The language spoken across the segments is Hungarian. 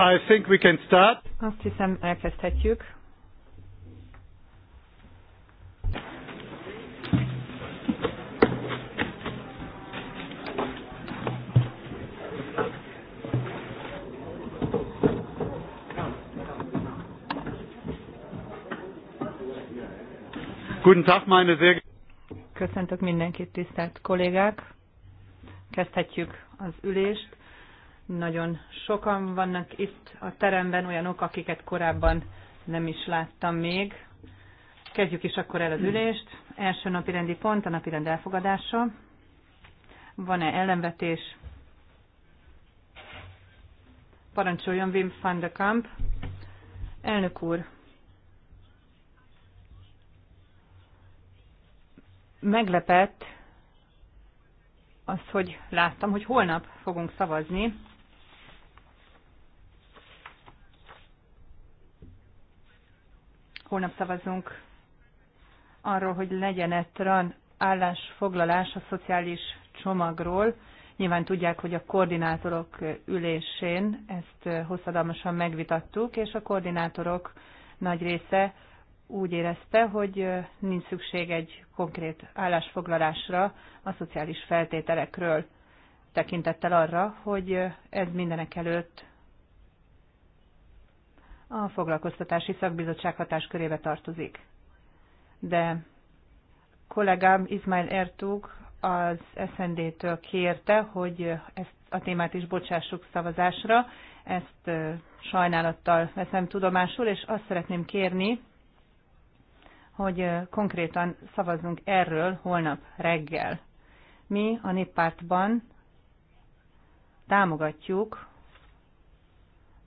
I think we can start. Azt hiszem elkezdhetjük. Guten Tag, meine sehr Köszöntök mindenkit, tisztelt kollégák! Kezdhetjük az ülést. Nagyon sokan vannak itt a teremben, olyanok, akiket korábban nem is láttam még. Kezdjük is akkor el az ülést. Első napi rendi pont, a napi rend elfogadása. Van-e ellenvetés? Parancsoljon Wim van de Kamp. Elnök úr, meglepett az, hogy láttam, hogy holnap fogunk szavazni Holnap szavazunk arról, hogy legyen -e TRAN állásfoglalás a szociális csomagról. Nyilván tudják, hogy a koordinátorok ülésén ezt hosszadalmasan megvitattuk, és a koordinátorok nagy része úgy érezte, hogy nincs szükség egy konkrét állásfoglalásra a szociális feltételekről, tekintettel arra, hogy ez mindenek előtt a foglalkoztatási szakbizottság hatáskörébe tartozik. De kollégám Izmail Ertug az SND-től kérte, hogy ezt a témát is bocsássuk szavazásra. Ezt sajnálattal veszem tudomásul, és azt szeretném kérni, hogy konkrétan szavazzunk erről holnap reggel. Mi a néppártban támogatjuk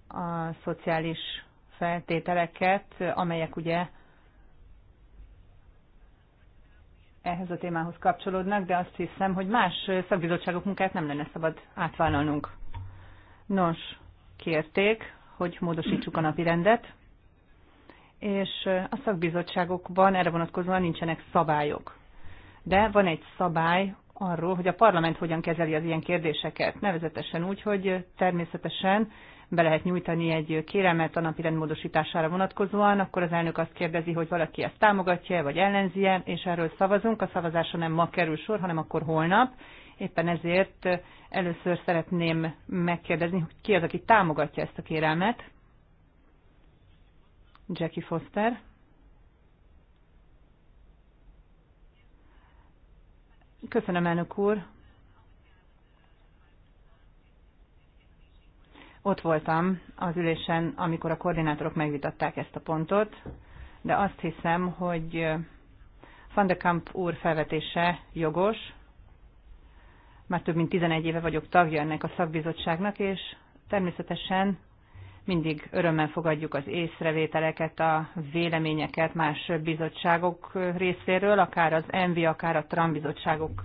a szociális feltételeket, amelyek ugye ehhez a témához kapcsolódnak, de azt hiszem, hogy más szakbizottságok munkát nem lenne szabad átvállalnunk. Nos, kérték, hogy módosítsuk a napi rendet, és a szakbizottságokban erre vonatkozóan nincsenek szabályok. De van egy szabály arról, hogy a parlament hogyan kezeli az ilyen kérdéseket. Nevezetesen úgy, hogy természetesen be lehet nyújtani egy kérelmet a napi rendmódosítására vonatkozóan, akkor az elnök azt kérdezi, hogy valaki ezt támogatja vagy ellenzi-e, és erről szavazunk. A szavazása nem ma kerül sor, hanem akkor holnap. Éppen ezért először szeretném megkérdezni, hogy ki az, aki támogatja ezt a kérelmet. Jackie Foster. Köszönöm, elnök úr. Ott voltam az ülésen, amikor a koordinátorok megvitatták ezt a pontot, de azt hiszem, hogy Van de Kamp úr felvetése jogos. Már több mint 11 éve vagyok tagja ennek a szakbizottságnak, és természetesen mindig örömmel fogadjuk az észrevételeket, a véleményeket más bizottságok részéről, akár az ENVI, akár a TRAM bizottságok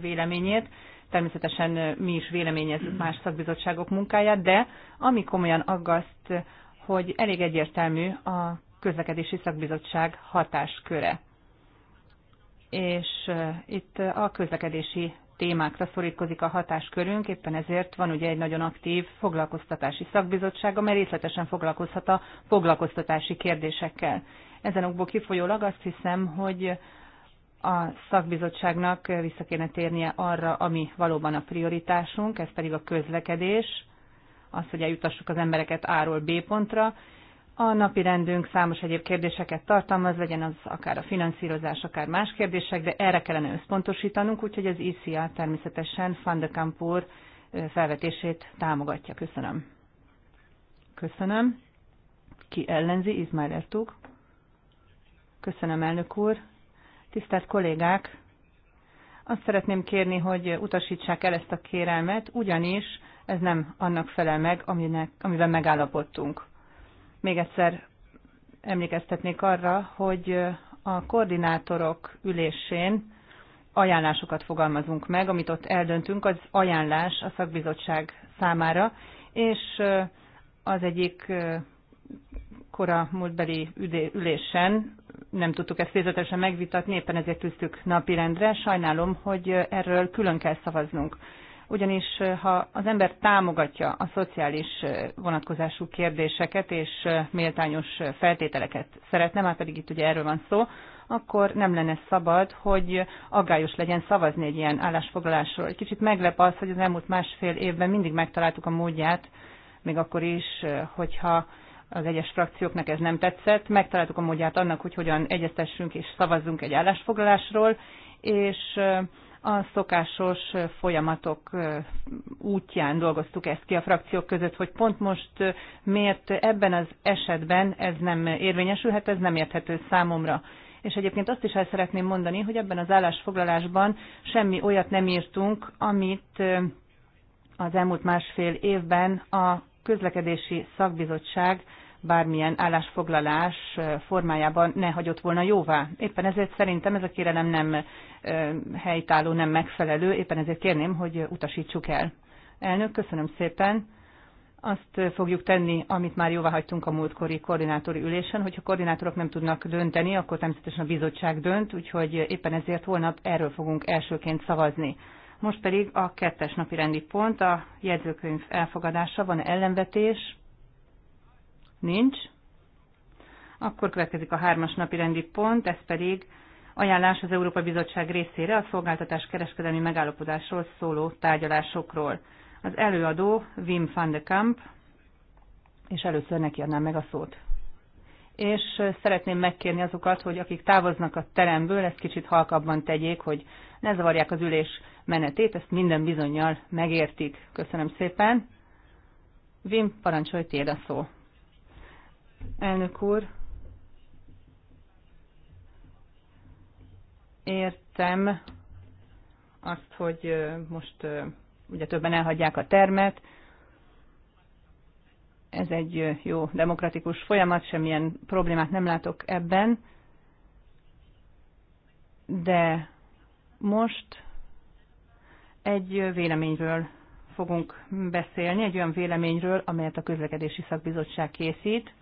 véleményét. Természetesen mi is véleményezünk más szakbizottságok munkáját, de ami komolyan aggaszt, hogy elég egyértelmű a közlekedési szakbizottság hatásköre. És itt a közlekedési témákra szorítkozik a hatáskörünk, éppen ezért van ugye egy nagyon aktív foglalkoztatási szakbizottság, amely részletesen foglalkozhat a foglalkoztatási kérdésekkel. Ezen okból kifolyólag azt hiszem, hogy a szakbizottságnak vissza kéne térnie arra, ami valóban a prioritásunk, ez pedig a közlekedés, az, hogy eljutassuk az embereket A-ról B pontra. A napi rendünk számos egyéb kérdéseket tartalmaz, legyen az akár a finanszírozás, akár más kérdések, de erre kellene összpontosítanunk, úgyhogy az ICA természetesen Fandekampur felvetését támogatja. Köszönöm. Köszönöm. Ki ellenzi? Izmail Ertug. Köszönöm, elnök úr. Tisztelt kollégák, azt szeretném kérni, hogy utasítsák el ezt a kérelmet, ugyanis ez nem annak felel meg, aminek, amiben megállapodtunk. Még egyszer emlékeztetnék arra, hogy a koordinátorok ülésén ajánlásokat fogalmazunk meg, amit ott eldöntünk, az ajánlás a szakbizottság számára, és az egyik kora múltbeli ülésen nem tudtuk ezt részletesen megvitatni, éppen ezért tűztük napirendre. Sajnálom, hogy erről külön kell szavaznunk. Ugyanis ha az ember támogatja a szociális vonatkozású kérdéseket és méltányos feltételeket szeretne, már pedig itt ugye erről van szó, akkor nem lenne szabad, hogy aggályos legyen szavazni egy ilyen állásfoglalásról. Egy kicsit meglep az, hogy az elmúlt másfél évben mindig megtaláltuk a módját, még akkor is, hogyha az egyes frakcióknak ez nem tetszett. Megtaláltuk a módját annak, hogy hogyan egyeztessünk és szavazzunk egy állásfoglalásról, és a szokásos folyamatok útján dolgoztuk ezt ki a frakciók között, hogy pont most miért ebben az esetben ez nem érvényesülhet, ez nem érthető számomra. És egyébként azt is el szeretném mondani, hogy ebben az állásfoglalásban semmi olyat nem írtunk, amit az elmúlt másfél évben a közlekedési szakbizottság bármilyen állásfoglalás formájában ne hagyott volna jóvá. Éppen ezért szerintem ez a kérelem nem helytálló, nem megfelelő, éppen ezért kérném, hogy utasítsuk el. Elnök, köszönöm szépen. Azt fogjuk tenni, amit már jóvá hagytunk a múltkori koordinátori ülésen, hogyha a koordinátorok nem tudnak dönteni, akkor természetesen a bizottság dönt, úgyhogy éppen ezért holnap erről fogunk elsőként szavazni. Most pedig a kettes napi rendi pont, a jegyzőkönyv elfogadása, van ellenvetés, Nincs. Akkor következik a hármas napi rendi pont, ez pedig ajánlás az Európa Bizottság részére a szolgáltatás kereskedelmi megállapodásról szóló tárgyalásokról. Az előadó Wim van de Kamp, és először neki adnám meg a szót. És szeretném megkérni azokat, hogy akik távoznak a teremből, ezt kicsit halkabban tegyék, hogy ne zavarják az ülés menetét, ezt minden bizonyal megértik. Köszönöm szépen. Wim, parancsolj, tiéd a szó. Elnök úr, értem azt, hogy most ugye többen elhagyják a termet. Ez egy jó demokratikus folyamat, semmilyen problémát nem látok ebben. De most egy véleményről fogunk beszélni, egy olyan véleményről, amelyet a közlekedési szakbizottság készít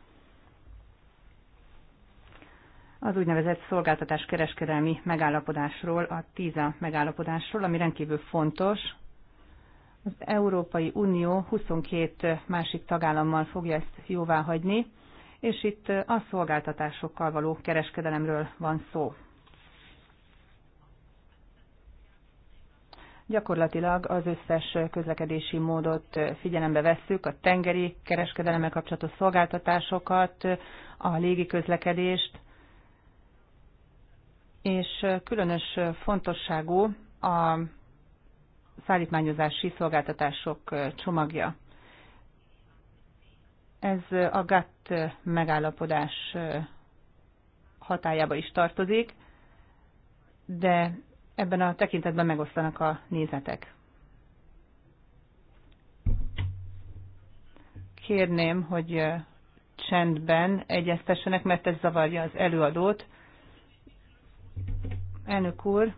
az úgynevezett szolgáltatás kereskedelmi megállapodásról, a TISA megállapodásról, ami rendkívül fontos. Az Európai Unió 22 másik tagállammal fogja ezt jóvá hagyni, és itt a szolgáltatásokkal való kereskedelemről van szó. Gyakorlatilag az összes közlekedési módot figyelembe vesszük, a tengeri kereskedelemmel kapcsolatos szolgáltatásokat, a légi közlekedést, és különös fontosságú a szállítmányozási szolgáltatások csomagja. Ez a GATT megállapodás hatájába is tartozik, de ebben a tekintetben megosztanak a nézetek. Kérném, hogy csendben egyeztessenek, mert ez zavarja az előadót. Elnök úr,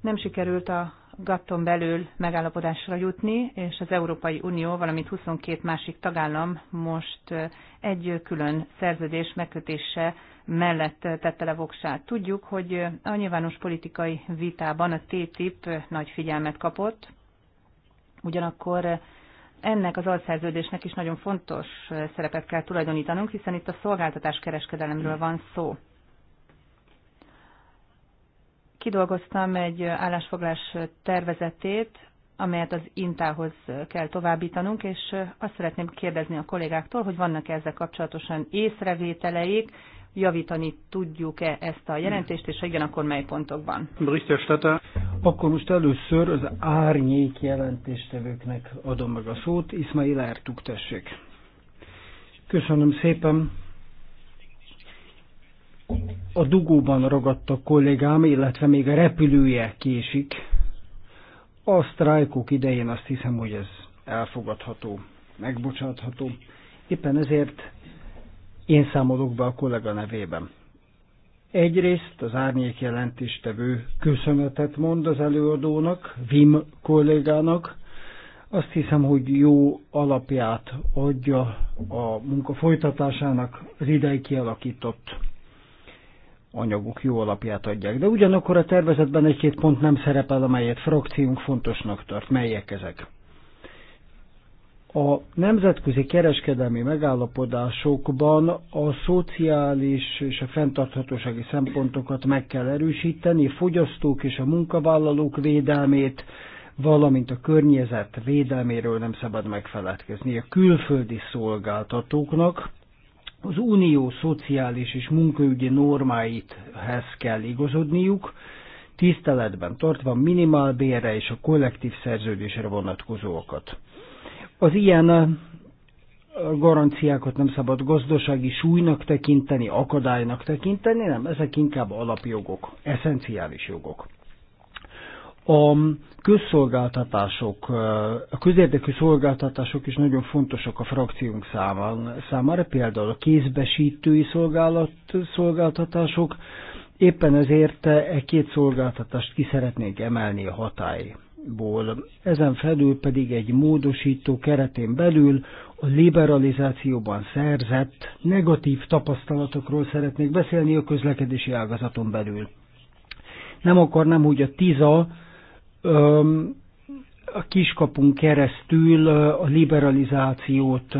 nem sikerült a gatton belül megállapodásra jutni, és az Európai Unió, valamint 22 másik tagállam most egy külön szerződés megkötése mellett tette le voksát. Tudjuk, hogy a nyilvános politikai vitában a TTIP nagy figyelmet kapott, ugyanakkor ennek az alszerződésnek is nagyon fontos szerepet kell tulajdonítanunk, hiszen itt a szolgáltatás kereskedelemről van szó kidolgoztam egy állásfoglás tervezetét, amelyet az Intához kell továbbítanunk, és azt szeretném kérdezni a kollégáktól, hogy vannak -e ezzel kapcsolatosan észrevételeik, javítani tudjuk-e ezt a jelentést, és ha igen, akkor mely pontokban? Berichterstatter. Akkor most először az árnyék jelentéstevőknek adom meg a szót. Ismail Ertuk, tessék. Köszönöm szépen. A dugóban ragadt a kollégám, illetve még a repülője késik. A sztrájkok idején azt hiszem, hogy ez elfogadható, megbocsátható. Éppen ezért én számolok be a kollega nevében. Egyrészt az árnyék jelentéstevő köszönetet mond az előadónak, Vim kollégának. Azt hiszem, hogy jó alapját adja a munka folytatásának az ideig kialakított anyagok jó alapját adják. De ugyanakkor a tervezetben egy-két pont nem szerepel, amelyet frakciunk fontosnak tart. Melyek ezek? A nemzetközi kereskedelmi megállapodásokban a szociális és a fenntarthatósági szempontokat meg kell erősíteni, a fogyasztók és a munkavállalók védelmét, valamint a környezet védelméről nem szabad megfeledkezni. A külföldi szolgáltatóknak az unió szociális és munkaügyi normáithez kell igazodniuk, tiszteletben tartva minimálbérre és a kollektív szerződésre vonatkozóakat. Az ilyen garanciákat nem szabad gazdasági súlynak tekinteni, akadálynak tekinteni, nem, ezek inkább alapjogok, eszenciális jogok a közszolgáltatások, a közérdekű szolgáltatások is nagyon fontosak a frakciónk számára, például a kézbesítői szolgálat, szolgáltatások, éppen ezért e két szolgáltatást ki szeretnénk emelni a hatályból. Ezen felül pedig egy módosító keretén belül a liberalizációban szerzett negatív tapasztalatokról szeretnék beszélni a közlekedési ágazaton belül. Nem akarnám, hogy a TISA a kiskapun keresztül a liberalizációt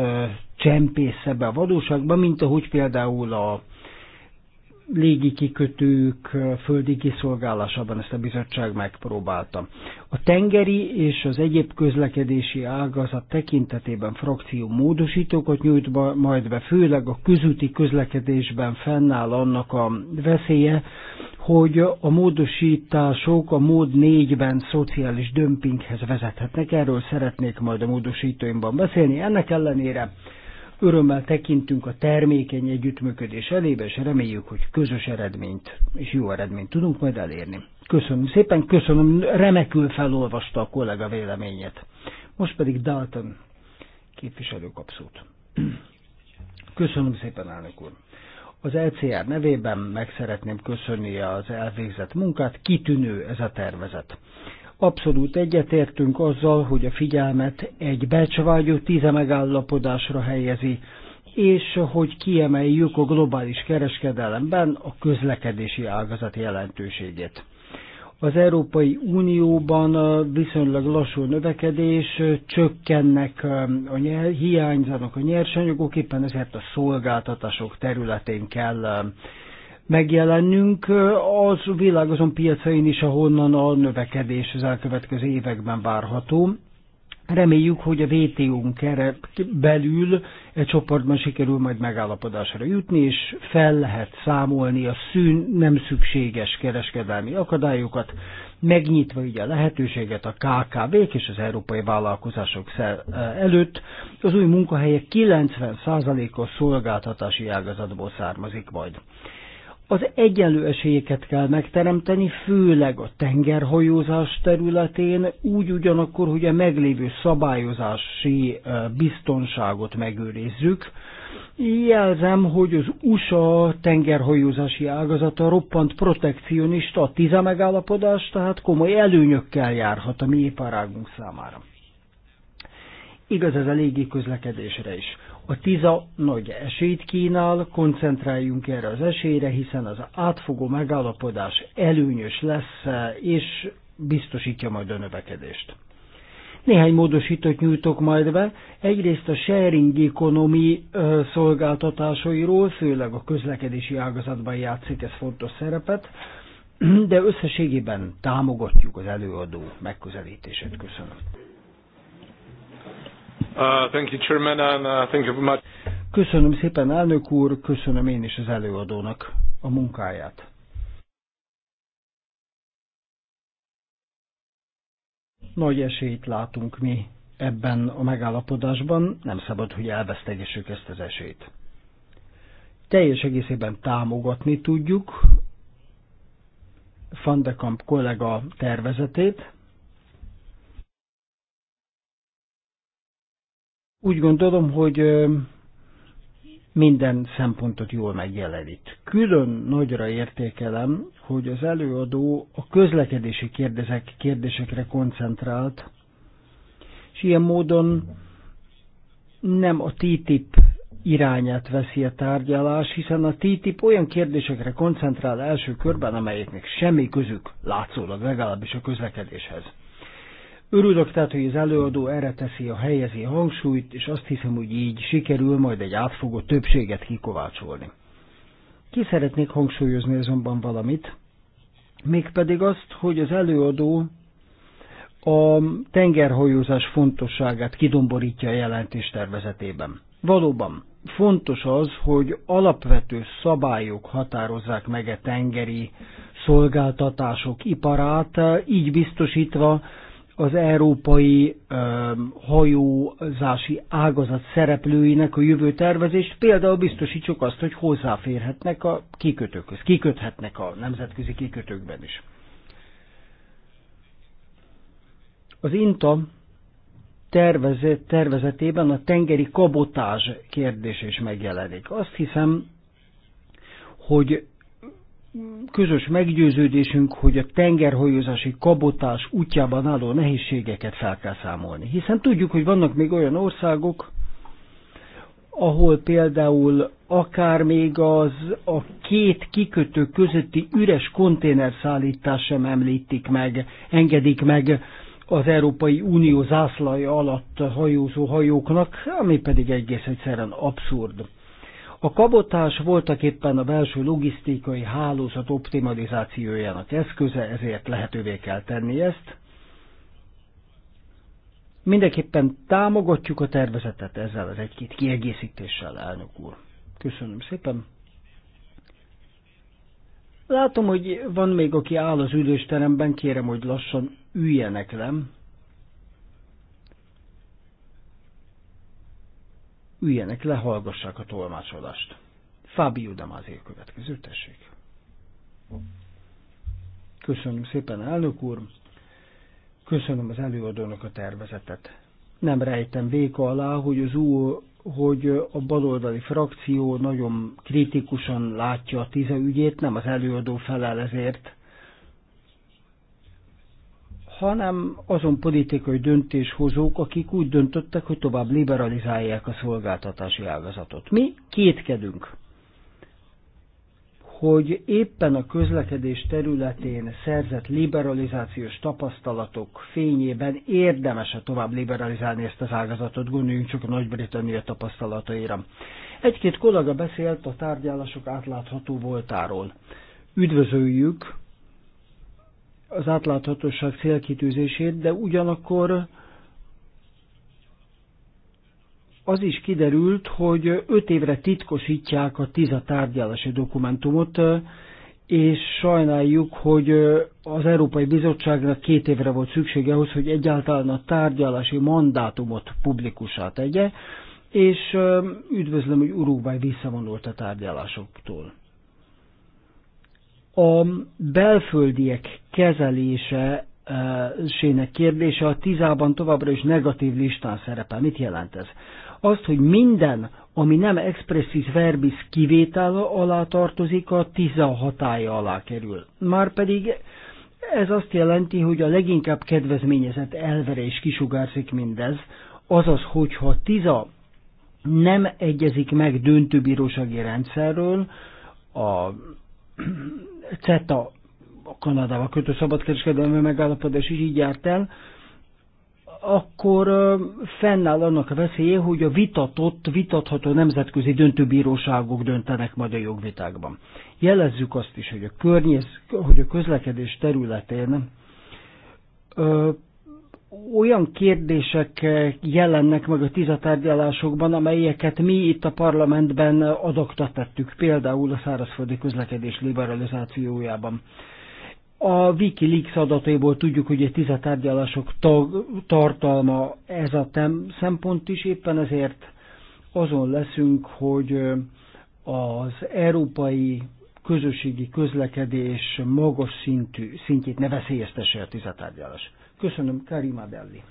csempésze be a valóságban, mint ahogy például a légi kikötők földi kiszolgálásában ezt a bizottság megpróbálta. A tengeri és az egyéb közlekedési ágazat tekintetében frakció módosítókat nyújt majd be, főleg a közúti közlekedésben fennáll annak a veszélye, hogy a módosítások a mód négyben szociális dömpinghez vezethetnek. Erről szeretnék majd a módosítóimban beszélni. Ennek ellenére Örömmel tekintünk a termékeny együttműködés elébe, és reméljük, hogy közös eredményt és jó eredményt tudunk majd elérni. Köszönöm szépen, köszönöm, remekül felolvasta a kollega véleményét. Most pedig Dalton képviselő kapszót. Köszönöm szépen, elnök úr. Az LCR nevében meg szeretném köszönni az elvégzett munkát, kitűnő ez a tervezet. Abszolút egyetértünk azzal, hogy a figyelmet egy becsvágyó tíze megállapodásra helyezi, és hogy kiemeljük a globális kereskedelemben a közlekedési ágazat jelentőségét. Az Európai Unióban viszonylag lassú növekedés, csökkennek, a nyer, hiányzanak a nyersanyagok, éppen ezért a szolgáltatások területén kell megjelennünk az világazon piacain is, ahonnan a növekedés az elkövetkező években várható. Reméljük, hogy a WTO-n belül egy csoportban sikerül majd megállapodásra jutni, és fel lehet számolni a szűn nem szükséges kereskedelmi akadályokat, megnyitva ugye a lehetőséget a KKV-k és az európai vállalkozások előtt. Az új munkahelyek 90%-a szolgáltatási ágazatból származik majd az egyenlő esélyeket kell megteremteni, főleg a tengerhajózás területén, úgy ugyanakkor, hogy a meglévő szabályozási biztonságot megőrizzük. Jelzem, hogy az USA tengerhajózási ágazata roppant protekcionista, a TISA megállapodás tehát komoly előnyökkel járhat a mi iparágunk számára. Igaz ez a légi közlekedésre is. A TISA nagy esélyt kínál, koncentráljunk erre az esélyre, hiszen az átfogó megállapodás előnyös lesz, és biztosítja majd a növekedést. Néhány módosítót nyújtok majd be, egyrészt a sharing economy szolgáltatásairól, főleg a közlekedési ágazatban játszik ez fontos szerepet, de összességében támogatjuk az előadó megközelítését. Köszönöm. Uh, thank you, Chairman, and uh, thank you very much. Köszönöm szépen, elnök úr, köszönöm én is az előadónak a munkáját. Nagy esélyt látunk mi ebben a megállapodásban, nem szabad, hogy elvesztegessük ezt az esélyt. Teljes egészében támogatni tudjuk Fandekamp kollega tervezetét, úgy gondolom, hogy minden szempontot jól megjelenít. Külön nagyra értékelem, hogy az előadó a közlekedési kérdések, kérdésekre koncentrált, és ilyen módon nem a TTIP irányát veszi a tárgyalás, hiszen a TTIP olyan kérdésekre koncentrál első körben, amelyeknek semmi közük látszólag legalábbis a közlekedéshez. Örülök tehát, hogy az előadó erre teszi a helyezi hangsúlyt, és azt hiszem, hogy így sikerül majd egy átfogó többséget kikovácsolni. Ki szeretnék hangsúlyozni azonban valamit, mégpedig azt, hogy az előadó a tengerhajózás fontosságát kidomborítja a jelentés tervezetében. Valóban, fontos az, hogy alapvető szabályok határozzák meg a tengeri szolgáltatások iparát, így biztosítva, az európai um, hajózási ágazat szereplőinek a jövő tervezést, például biztosítsuk azt, hogy hozzáférhetnek a kikötőkhöz, kiköthetnek a nemzetközi kikötőkben is. Az INTA tervezetében a tengeri kabotás kérdés is megjelenik. Azt hiszem, hogy közös meggyőződésünk, hogy a tengerhajózási kabotás útjában álló nehézségeket fel kell számolni. Hiszen tudjuk, hogy vannak még olyan országok, ahol például akár még az a két kikötő közötti üres konténerszállítás sem említik meg, engedik meg az Európai Unió zászlaja alatt hajózó hajóknak, ami pedig egész egyszerűen abszurd. A kabotás voltak éppen a belső logisztikai hálózat optimalizációjának eszköze, ezért lehetővé kell tenni ezt. Mindenképpen támogatjuk a tervezetet ezzel az egy-két kiegészítéssel, elnök úr. Köszönöm szépen. Látom, hogy van még, aki áll az ülősteremben, kérem, hogy lassan üljenek le, üljenek le, hallgassák a tolmácsolást. Fábio Damázé következő, tessék. Köszönöm szépen, elnök úr. Köszönöm az előadónak a tervezetet. Nem rejtem véka alá, hogy az új hogy a baloldali frakció nagyon kritikusan látja a tize ügyét, nem az előadó felel ezért, hanem azon politikai döntéshozók, akik úgy döntöttek, hogy tovább liberalizálják a szolgáltatási ágazatot. Mi kétkedünk, hogy éppen a közlekedés területén szerzett liberalizációs tapasztalatok fényében érdemes-e tovább liberalizálni ezt az ágazatot, gondoljunk csak a Nagy-Britannia tapasztalataira. Egy-két kollega beszélt a tárgyalások átlátható voltáról. Üdvözöljük, az átláthatóság célkitűzését, de ugyanakkor az is kiderült, hogy öt évre titkosítják a TISA tárgyalási dokumentumot, és sajnáljuk, hogy az Európai Bizottságnak két évre volt szüksége ahhoz, hogy egyáltalán a tárgyalási mandátumot publikussá tegye, és üdvözlöm, hogy Uruguay visszavonult a tárgyalásoktól. A belföldiek kezelése e, sének kérdése a tízában továbbra is negatív listán szerepel. Mit jelent ez? Azt, hogy minden, ami nem expressis verbis kivétel alá tartozik, a tíza hatája alá kerül. Márpedig ez azt jelenti, hogy a leginkább kedvezményezett elvere is kisugárzik mindez, azaz, hogyha tiza nem egyezik meg döntőbírósági rendszerről, a CETA, a Kanadával kötő szabadkereskedelmi megállapodás is így járt el, akkor fennáll annak a veszélye, hogy a vitatott, vitatható nemzetközi döntőbíróságok döntenek majd a jogvitákban. Jelezzük azt is, hogy a környez, hogy a közlekedés területén olyan kérdések jelennek meg a tizatárgyalásokban, amelyeket mi itt a parlamentben tettük, például a szárazföldi közlekedés liberalizációjában. A Wikileaks adataiból tudjuk, hogy a tizatárgyalások tag, tartalma ez a tem szempont is, éppen ezért azon leszünk, hogy az európai közösségi közlekedés magas szintű, szintjét ne veszélyeztesse a tizatárgyalás. Köszönöm, Karima Belli.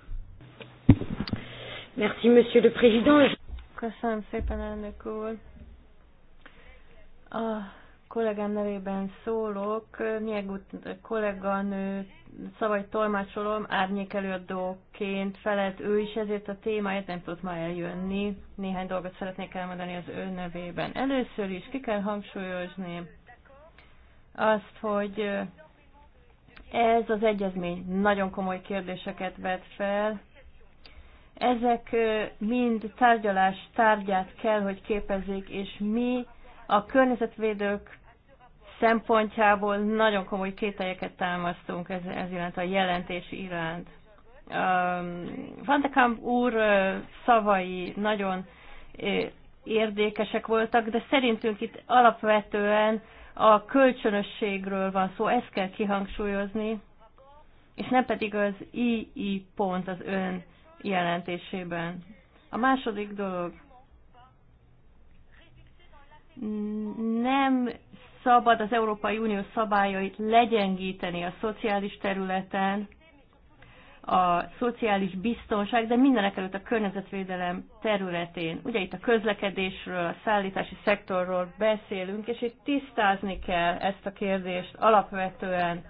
Merci, Monsieur le Président. Köszönöm szépen, elnök úr. A kollégám nevében szólok. Nyegut kolléganő szavait tolmácsolom, árnyék előadóként felett ő is, ezért a témáért nem tudott ma eljönni. Néhány dolgot szeretnék elmondani az ő nevében. Először is ki kell hangsúlyozni azt, hogy ez az egyezmény nagyon komoly kérdéseket vet fel. Ezek mind tárgyalás tárgyát kell, hogy képezzék, és mi a környezetvédők szempontjából nagyon komoly kételyeket támasztunk ez, ez iránt a jelentés iránt. Van de Kamp úr szavai nagyon érdekesek voltak, de szerintünk itt alapvetően a kölcsönösségről van szó, ezt kell kihangsúlyozni, és nem pedig az II pont az ön jelentésében. A második dolog, nem szabad az Európai Unió szabályait legyengíteni a szociális területen, a szociális biztonság, de mindenek előtt a környezetvédelem területén. Ugye itt a közlekedésről, a szállítási szektorról beszélünk, és itt tisztázni kell ezt a kérdést alapvetően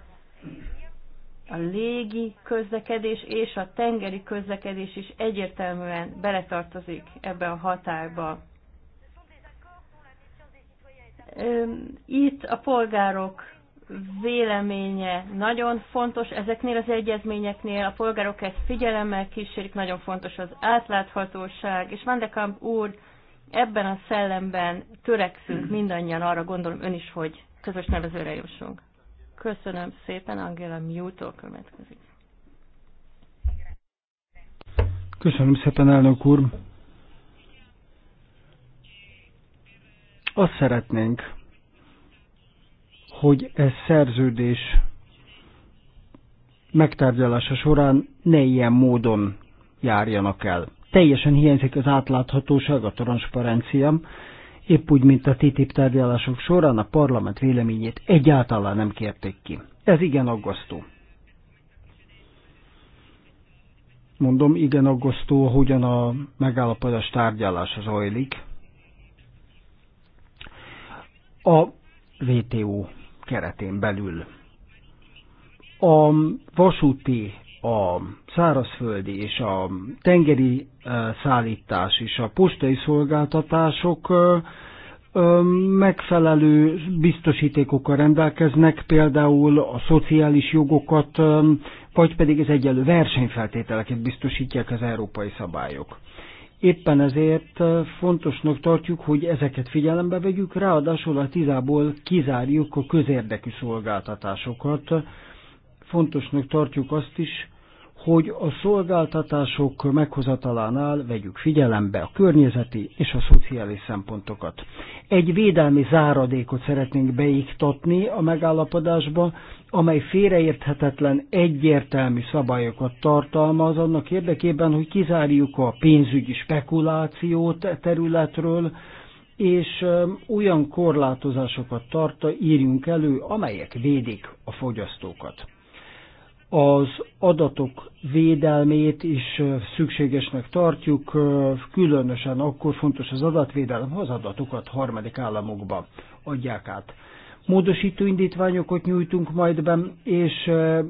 a légi közlekedés és a tengeri közlekedés is egyértelműen beletartozik ebbe a hatályba. Itt a polgárok véleménye nagyon fontos. Ezeknél az egyezményeknél a polgárok ezt figyelemmel kísérik, nagyon fontos az átláthatóság, és Van de Kamp úr, ebben a szellemben törekszünk mindannyian arra, gondolom ön is, hogy közös nevezőre jussunk. Köszönöm szépen, Angela Mewtól következik. Köszönöm szépen, elnök úr. Azt szeretnénk, hogy ez szerződés megtárgyalása során ne ilyen módon járjanak el. Teljesen hiányzik az átláthatóság, a transzparencia, épp úgy, mint a TTIP tárgyalások során a parlament véleményét egyáltalán nem kérték ki. Ez igen aggasztó. Mondom, igen aggasztó, hogyan a megállapodás tárgyalása zajlik. A VTO keretén belül. A vasúti, a szárazföldi és a tengeri eh, szállítás és a postai szolgáltatások eh, megfelelő biztosítékokkal rendelkeznek, például a szociális jogokat, eh, vagy pedig az egyenlő versenyfeltételeket biztosítják az európai szabályok. Éppen ezért fontosnak tartjuk, hogy ezeket figyelembe vegyük, ráadásul a tizából kizárjuk a közérdekű szolgáltatásokat. Fontosnak tartjuk azt is, hogy a szolgáltatások meghozatalánál vegyük figyelembe a környezeti és a szociális szempontokat. Egy védelmi záradékot szeretnénk beiktatni a megállapodásba, amely félreérthetetlen, egyértelmű szabályokat tartalmaz annak érdekében, hogy kizárjuk a pénzügyi spekulációt e területről, és olyan korlátozásokat tarta írjunk elő, amelyek védik a fogyasztókat az adatok védelmét is szükségesnek tartjuk, különösen akkor fontos az adatvédelem, ha az adatokat harmadik államokba adják át. Módosító indítványokat nyújtunk majd be, és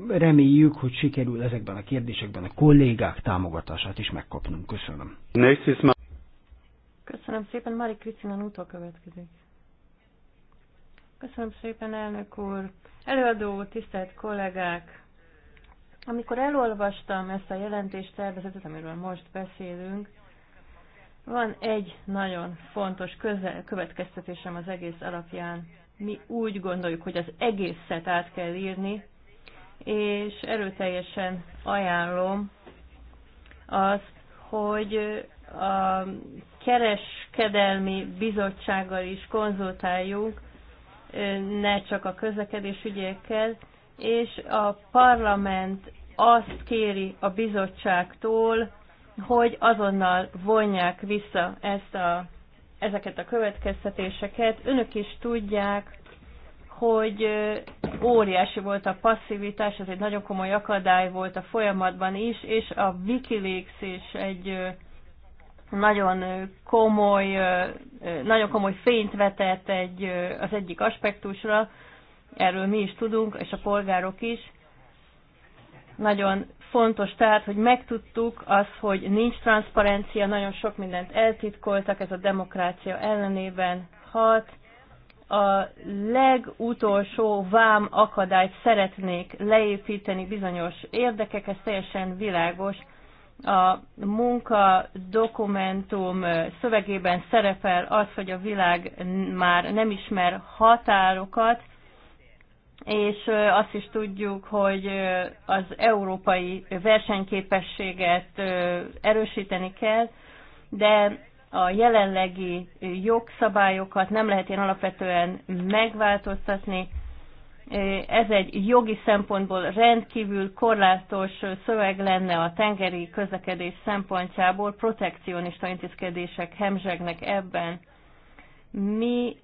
reméljük, hogy sikerül ezekben a kérdésekben a kollégák támogatását is megkapnunk. Köszönöm. Köszönöm szépen, Mari Krisztina útól következik. Köszönöm szépen, elnök úr. Előadó, tisztelt kollégák, amikor elolvastam ezt a jelentést, tervezetet, amiről most beszélünk, van egy nagyon fontos közel, következtetésem az egész alapján. Mi úgy gondoljuk, hogy az egészet át kell írni, és erőteljesen ajánlom azt, hogy a kereskedelmi bizottsággal is konzultáljunk, ne csak a közlekedés ügyekkel, és a parlament azt kéri a bizottságtól, hogy azonnal vonják vissza ezt a, ezeket a következtetéseket. Önök is tudják, hogy óriási volt a passzivitás, ez egy nagyon komoly akadály volt a folyamatban is, és a Wikileaks is egy nagyon komoly, nagyon komoly fényt vetett egy, az egyik aspektusra, erről mi is tudunk, és a polgárok is. Nagyon fontos tehát, hogy megtudtuk az, hogy nincs transzparencia, nagyon sok mindent eltitkoltak, ez a demokrácia ellenében hat. A legutolsó vám akadályt szeretnék leépíteni bizonyos érdekek, ez teljesen világos. A munka dokumentum szövegében szerepel az, hogy a világ már nem ismer határokat, és azt is tudjuk, hogy az európai versenyképességet erősíteni kell, de a jelenlegi jogszabályokat nem lehet ilyen alapvetően megváltoztatni. Ez egy jogi szempontból rendkívül korlátos szöveg lenne a tengeri közlekedés szempontjából, protekcionista intézkedések hemzsegnek ebben. Mi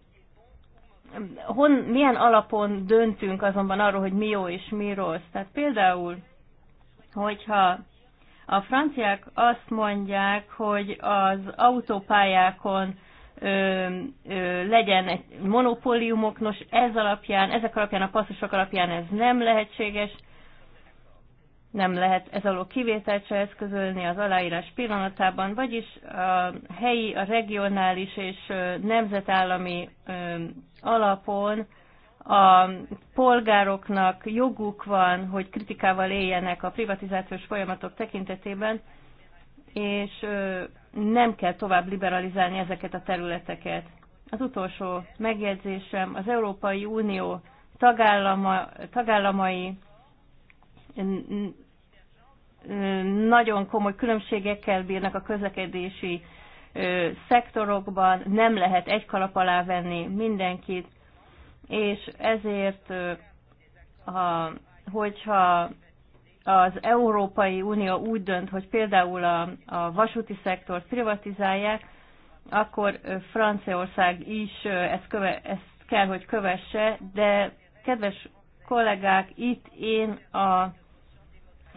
hon, milyen alapon döntünk azonban arról, hogy mi jó és mi rossz. Tehát például, hogyha a franciák azt mondják, hogy az autópályákon ö, ö, legyen egy monopóliumok, nos ez alapján, ezek alapján, a passzusok alapján ez nem lehetséges, nem lehet ez alól kivételt se eszközölni az aláírás pillanatában, vagyis a helyi, a regionális és nemzetállami alapon a polgároknak joguk van, hogy kritikával éljenek a privatizációs folyamatok tekintetében, és nem kell tovább liberalizálni ezeket a területeket. Az utolsó megjegyzésem az Európai Unió tagállama, tagállamai nagyon komoly különbségekkel bírnak a közlekedési szektorokban, nem lehet egy kalap alá venni mindenkit, és ezért, ha, hogyha az Európai Unió úgy dönt, hogy például a, a vasúti szektort privatizálják, akkor Franciaország is ezt, köve, ezt kell, hogy kövesse, de kedves kollégák, itt én a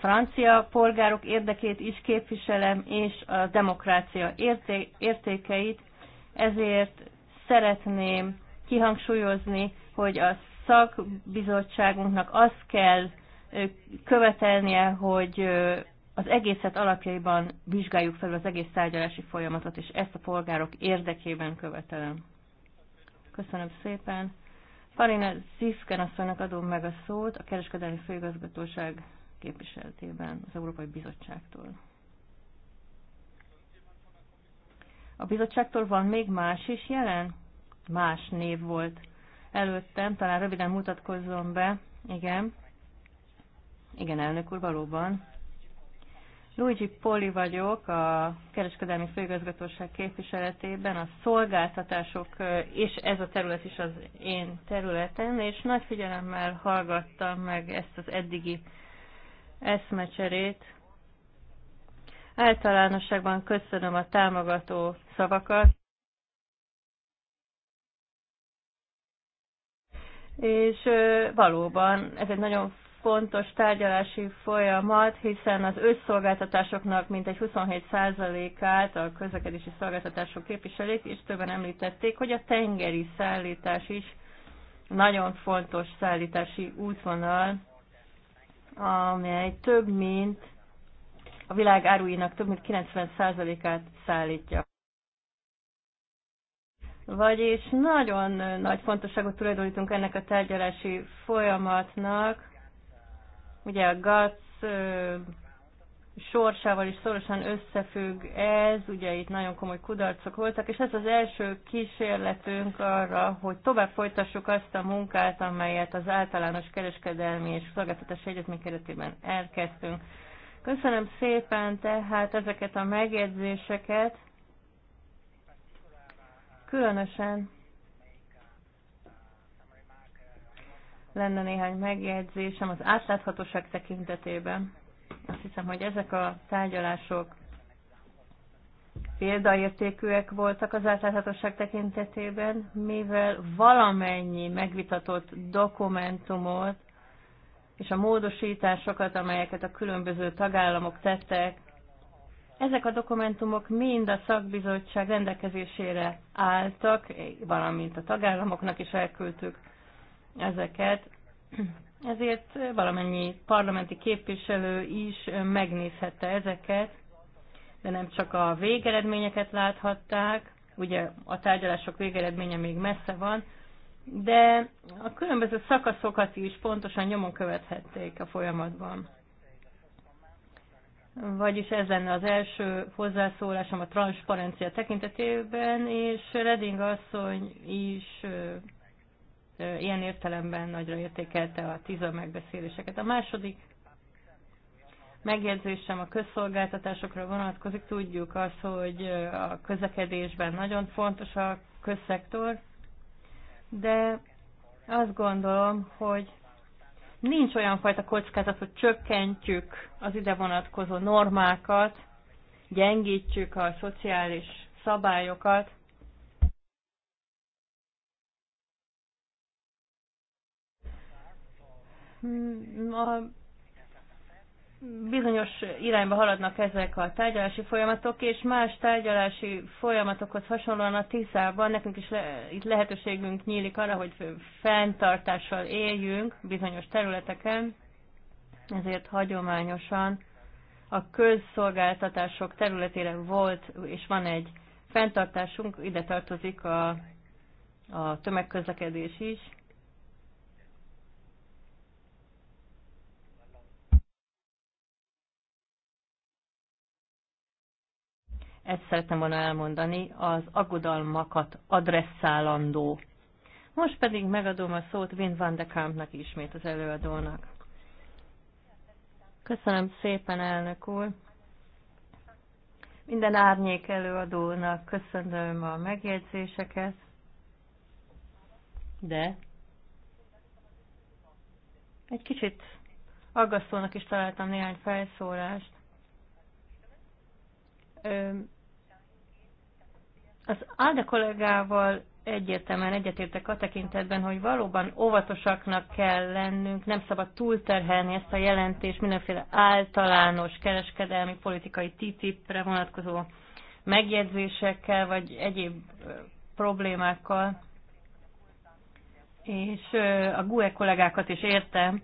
francia polgárok érdekét is képviselem, és a demokrácia érté értékeit, ezért szeretném kihangsúlyozni, hogy a szakbizottságunknak azt kell követelnie, hogy az egészet alapjaiban vizsgáljuk fel az egész tárgyalási folyamatot, és ezt a polgárok érdekében követelem. Köszönöm szépen. Farina Zifken asszonynak adom meg a szót, a Kereskedelmi Főigazgatóság képviseletében az Európai Bizottságtól. A bizottságtól van még más is jelen? Más név volt előttem, talán röviden mutatkozzon be. Igen. Igen, elnök úr, valóban. Luigi Poli vagyok, a kereskedelmi főigazgatóság képviseletében, a szolgáltatások, és ez a terület is az én területen, és nagy figyelemmel hallgattam meg ezt az eddigi eszmecserét. Általánosságban köszönöm a támogató szavakat, és valóban ez egy nagyon fontos tárgyalási folyamat, hiszen az összolgáltatásoknak mintegy 27%-át a közlekedési szolgáltatások képviselik, és többen említették, hogy a tengeri szállítás is nagyon fontos szállítási útvonal amely több mint a világ áruinak több mint 90%-át szállítja. Vagyis nagyon nagy fontosságot tulajdonítunk ennek a tárgyalási folyamatnak. Ugye a GATS sorsával is szorosan összefügg ez, ugye itt nagyon komoly kudarcok voltak, és ez az első kísérletünk arra, hogy tovább folytassuk azt a munkát, amelyet az általános kereskedelmi és szolgáltatási egyetmény keretében elkezdtünk. Köszönöm szépen tehát ezeket a megjegyzéseket, különösen lenne néhány megjegyzésem az átláthatóság tekintetében azt hiszem, hogy ezek a tárgyalások példaértékűek voltak az átláthatóság tekintetében, mivel valamennyi megvitatott dokumentumot és a módosításokat, amelyeket a különböző tagállamok tettek, ezek a dokumentumok mind a szakbizottság rendelkezésére álltak, valamint a tagállamoknak is elküldtük ezeket. Ezért valamennyi parlamenti képviselő is megnézhette ezeket, de nem csak a végeredményeket láthatták, ugye a tárgyalások végeredménye még messze van, de a különböző szakaszokat is pontosan nyomon követhették a folyamatban. Vagyis ez lenne az első hozzászólásom a transzparencia tekintetében, és Reding asszony is ilyen értelemben nagyra értékelte a TISA megbeszéléseket. A második megjegyzésem a közszolgáltatásokra vonatkozik. Tudjuk azt, hogy a közlekedésben nagyon fontos a közszektor, de azt gondolom, hogy nincs olyan fajta kockázat, hogy csökkentjük az ide vonatkozó normákat, gyengítjük a szociális szabályokat, Mm, a bizonyos irányba haladnak ezek a tárgyalási folyamatok, és más tárgyalási folyamatokhoz hasonlóan a tiszában ban nekünk is le, itt lehetőségünk nyílik arra, hogy fenntartással éljünk bizonyos területeken, ezért hagyományosan a közszolgáltatások területére volt és van egy fenntartásunk, ide tartozik a, a tömegközlekedés is, ezt szerettem volna elmondani, az aggodalmakat adresszálandó. Most pedig megadom a szót Wim van de Kampnak ismét az előadónak. Köszönöm szépen, elnök úr! Minden árnyék előadónak köszönöm a megjegyzéseket, de egy kicsit aggasztónak is találtam néhány felszólást. Az Alda kollégával egyértelműen egyetértek a tekintetben, hogy valóban óvatosaknak kell lennünk, nem szabad túlterhelni ezt a jelentést mindenféle általános kereskedelmi politikai TTIP-re vonatkozó megjegyzésekkel, vagy egyéb problémákkal. És a GUE kollégákat is értem,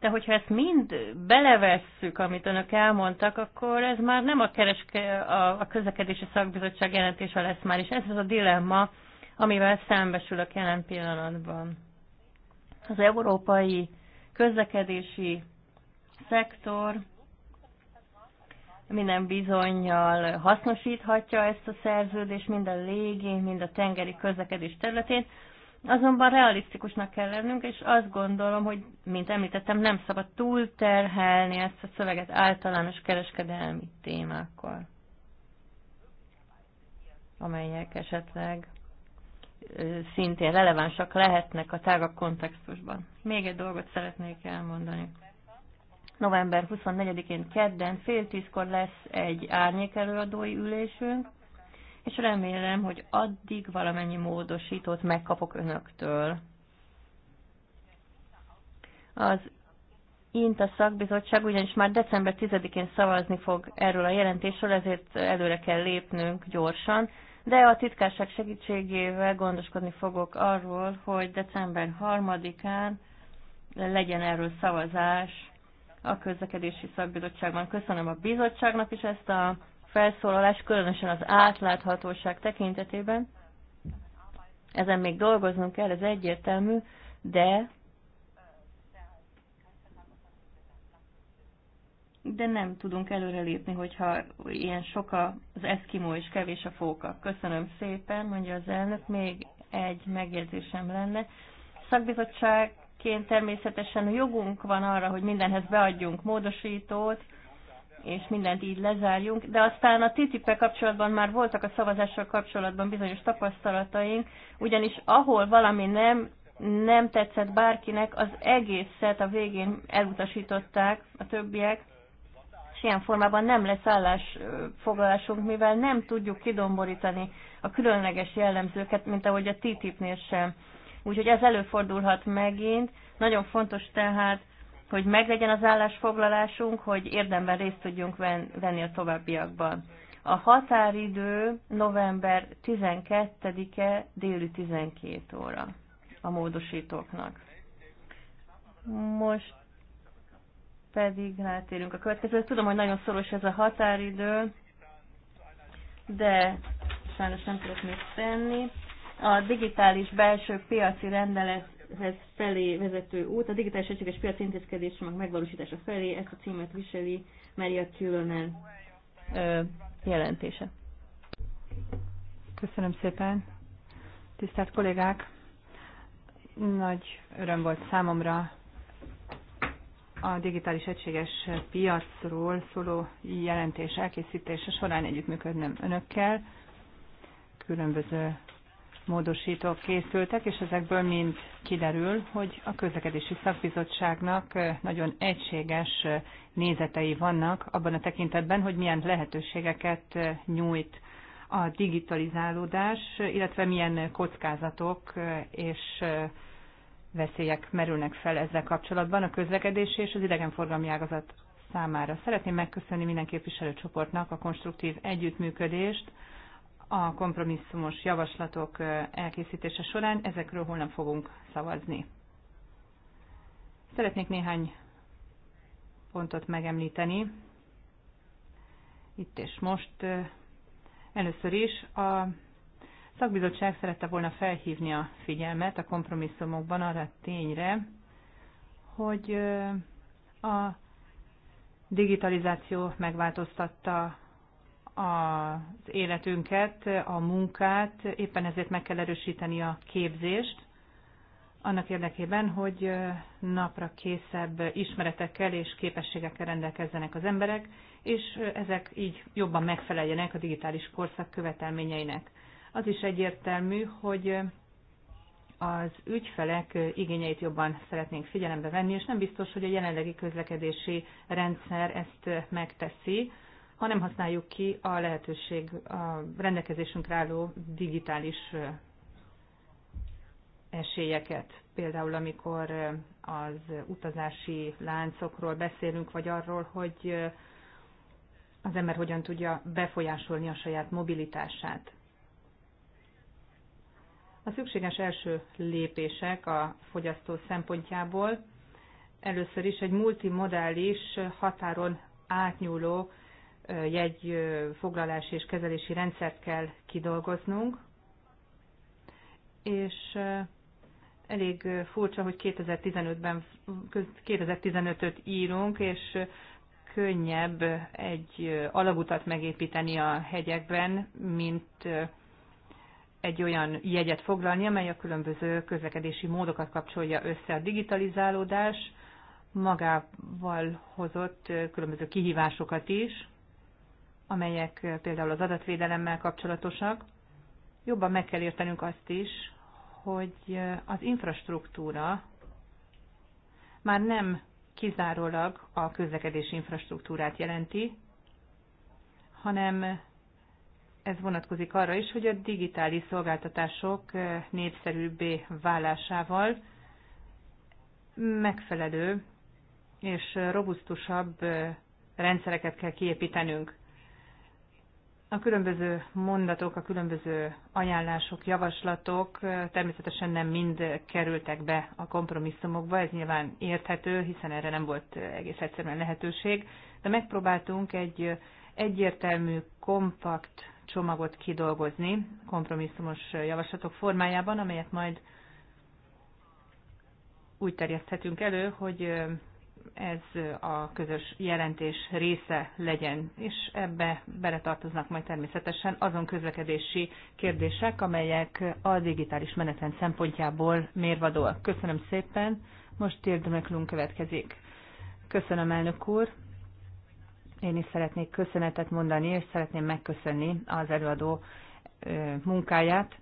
de hogyha ezt mind belevesszük, amit önök elmondtak, akkor ez már nem a, kereske, a, a közlekedési szakbizottság jelentése lesz már, és ez az a dilemma, amivel szembesülök jelen pillanatban. Az európai közlekedési szektor minden bizonyal hasznosíthatja ezt a szerződést, mind a légi, mind a tengeri közlekedés területén, Azonban realisztikusnak kell lennünk, és azt gondolom, hogy, mint említettem, nem szabad túlterhelni ezt a szöveget általános kereskedelmi témákkal, amelyek esetleg szintén relevánsak lehetnek a tágabb kontextusban. Még egy dolgot szeretnék elmondani. November 24-én kedden fél tízkor lesz egy árnyék előadói ülésünk, és remélem, hogy addig valamennyi módosítót megkapok önöktől. Az INTA szakbizottság ugyanis már december 10-én szavazni fog erről a jelentésről, ezért előre kell lépnünk gyorsan, de a titkárság segítségével gondoskodni fogok arról, hogy december 3-án legyen erről szavazás a közlekedési szakbizottságban. Köszönöm a bizottságnak is ezt a felszólalás, különösen az átláthatóság tekintetében. Ezen még dolgoznunk kell, ez egyértelmű, de de nem tudunk előrelépni, hogyha ilyen sok az eszkimó és kevés a fóka. Köszönöm szépen, mondja az elnök, még egy megjegyzésem lenne. Szakbizottságként természetesen jogunk van arra, hogy mindenhez beadjunk módosítót, és mindent így lezárjunk, de aztán a ttip kapcsolatban már voltak a szavazással kapcsolatban bizonyos tapasztalataink, ugyanis ahol valami nem, nem tetszett bárkinek, az egészet a végén elutasították a többiek, és ilyen formában nem lesz állásfoglalásunk, mivel nem tudjuk kidomborítani a különleges jellemzőket, mint ahogy a TTIP-nél sem. Úgyhogy ez előfordulhat megint. Nagyon fontos tehát hogy meglegyen az állásfoglalásunk, hogy érdemben részt tudjunk venni a továbbiakban. A határidő november 12-e déli 12 óra a módosítóknak. Most pedig rátérünk a következő. Tudom, hogy nagyon szoros ez a határidő, de sajnos nem tudok mit tenni. A digitális belső piaci rendelet hez felé vezető út, a digitális egységes piac intézkedése meg megvalósítása felé, ezt a címet viseli Maria Különen jelentése. Köszönöm szépen. Tisztelt kollégák, nagy öröm volt számomra a digitális egységes piacról szóló jelentés elkészítése során együttműködnöm önökkel. Különböző módosítók készültek, és ezekből mind kiderül, hogy a közlekedési szakbizottságnak nagyon egységes nézetei vannak abban a tekintetben, hogy milyen lehetőségeket nyújt a digitalizálódás, illetve milyen kockázatok és veszélyek merülnek fel ezzel kapcsolatban a közlekedés és az idegenforgalmi ágazat számára. Szeretném megköszönni minden képviselőcsoportnak a konstruktív együttműködést, a kompromisszumos javaslatok elkészítése során. Ezekről holnap fogunk szavazni. Szeretnék néhány pontot megemlíteni. Itt és most először is a szakbizottság szerette volna felhívni a figyelmet a kompromisszumokban arra tényre, hogy a digitalizáció megváltoztatta az életünket, a munkát, éppen ezért meg kell erősíteni a képzést, annak érdekében, hogy napra készebb ismeretekkel és képességekkel rendelkezzenek az emberek, és ezek így jobban megfeleljenek a digitális korszak követelményeinek. Az is egyértelmű, hogy az ügyfelek igényeit jobban szeretnénk figyelembe venni, és nem biztos, hogy a jelenlegi közlekedési rendszer ezt megteszi, ha nem használjuk ki a lehetőség, a rendelkezésünkre álló digitális esélyeket. Például amikor az utazási láncokról beszélünk, vagy arról, hogy az ember hogyan tudja befolyásolni a saját mobilitását. A szükséges első lépések a fogyasztó szempontjából először is egy multimodális határon átnyúló jegyfoglalási és kezelési rendszert kell kidolgoznunk, és elég furcsa, hogy 2015-ben 2015-öt írunk, és könnyebb egy alagutat megépíteni a hegyekben, mint egy olyan jegyet foglalni, amely a különböző közlekedési módokat kapcsolja össze. A digitalizálódás magával hozott különböző kihívásokat is, amelyek például az adatvédelemmel kapcsolatosak, jobban meg kell értenünk azt is, hogy az infrastruktúra már nem kizárólag a közlekedési infrastruktúrát jelenti, hanem ez vonatkozik arra is, hogy a digitális szolgáltatások népszerűbbé válásával megfelelő és robusztusabb rendszereket kell kiépítenünk. A különböző mondatok, a különböző ajánlások, javaslatok természetesen nem mind kerültek be a kompromisszumokba, ez nyilván érthető, hiszen erre nem volt egész egyszerűen lehetőség, de megpróbáltunk egy egyértelmű, kompakt csomagot kidolgozni kompromisszumos javaslatok formájában, amelyet majd úgy terjeszthetünk elő, hogy ez a közös jelentés része legyen, és ebbe beletartoznak majd természetesen azon közlekedési kérdések, amelyek a digitális menetrend szempontjából mérvadóak. Köszönöm szépen, most Térdemeklunk következik. Köszönöm, elnök úr! Én is szeretnék köszönetet mondani, és szeretném megköszönni az előadó munkáját.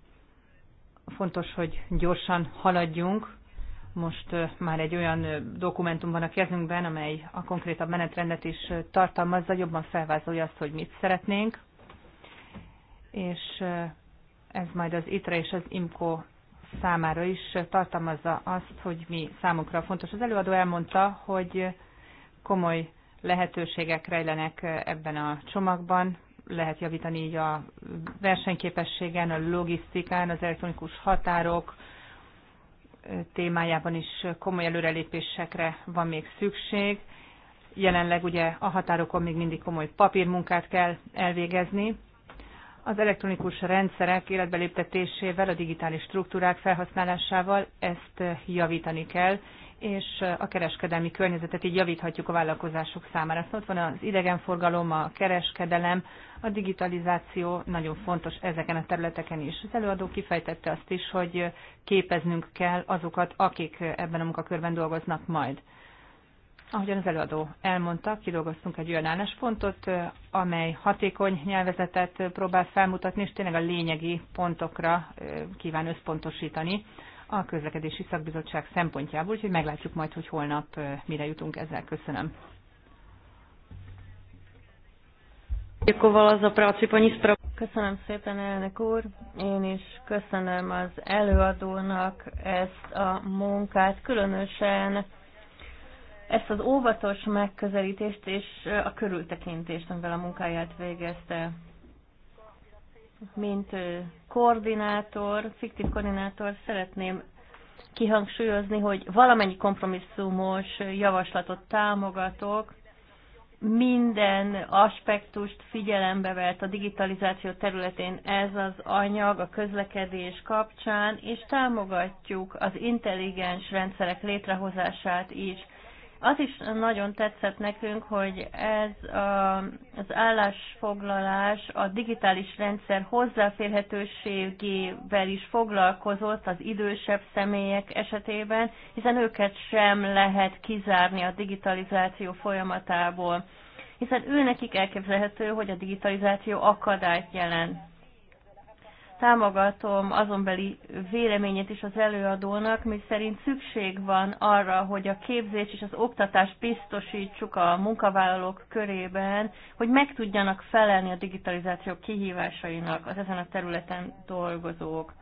Fontos, hogy gyorsan haladjunk, most már egy olyan dokumentum van a kezünkben, amely a konkrétabb menetrendet is tartalmazza, jobban felvázolja azt, hogy mit szeretnénk, és ez majd az ITRA és az IMCO számára is tartalmazza azt, hogy mi számunkra fontos. Az előadó elmondta, hogy komoly lehetőségek rejlenek ebben a csomagban, lehet javítani így a versenyképességen, a logisztikán, az elektronikus határok, témájában is komoly előrelépésekre van még szükség. Jelenleg ugye a határokon még mindig komoly papírmunkát kell elvégezni. Az elektronikus rendszerek életbe léptetésével, a digitális struktúrák felhasználásával ezt javítani kell, és a kereskedelmi környezetet így javíthatjuk a vállalkozások számára. Szóval ott van az idegenforgalom, a kereskedelem, a digitalizáció nagyon fontos ezeken a területeken is. Az előadó kifejtette azt is, hogy képeznünk kell azokat, akik ebben a munkakörben dolgoznak majd. Ahogyan az előadó elmondta, kidolgoztunk egy olyan álláspontot, amely hatékony nyelvezetet próbál felmutatni, és tényleg a lényegi pontokra eh, kíván összpontosítani a közlekedési szakbizottság szempontjából, úgyhogy meglátjuk majd, hogy holnap mire jutunk ezzel. Köszönöm. Köszönöm szépen, elnök úr. Én is köszönöm az előadónak ezt a munkát, különösen ezt az óvatos megközelítést és a körültekintést, amivel a munkáját végezte mint koordinátor, fiktív koordinátor szeretném kihangsúlyozni, hogy valamennyi kompromisszumos javaslatot támogatok, minden aspektust figyelembe vett a digitalizáció területén ez az anyag a közlekedés kapcsán, és támogatjuk az intelligens rendszerek létrehozását is. Az is nagyon tetszett nekünk, hogy ez a, az állásfoglalás a digitális rendszer hozzáférhetőségével is foglalkozott az idősebb személyek esetében, hiszen őket sem lehet kizárni a digitalizáció folyamatából, hiszen őnekik elképzelhető, hogy a digitalizáció akadályt jelent támogatom azonbeli véleményét is az előadónak, mi szerint szükség van arra, hogy a képzés és az oktatás biztosítsuk a munkavállalók körében, hogy meg tudjanak felelni a digitalizáció kihívásainak az ezen a területen dolgozók.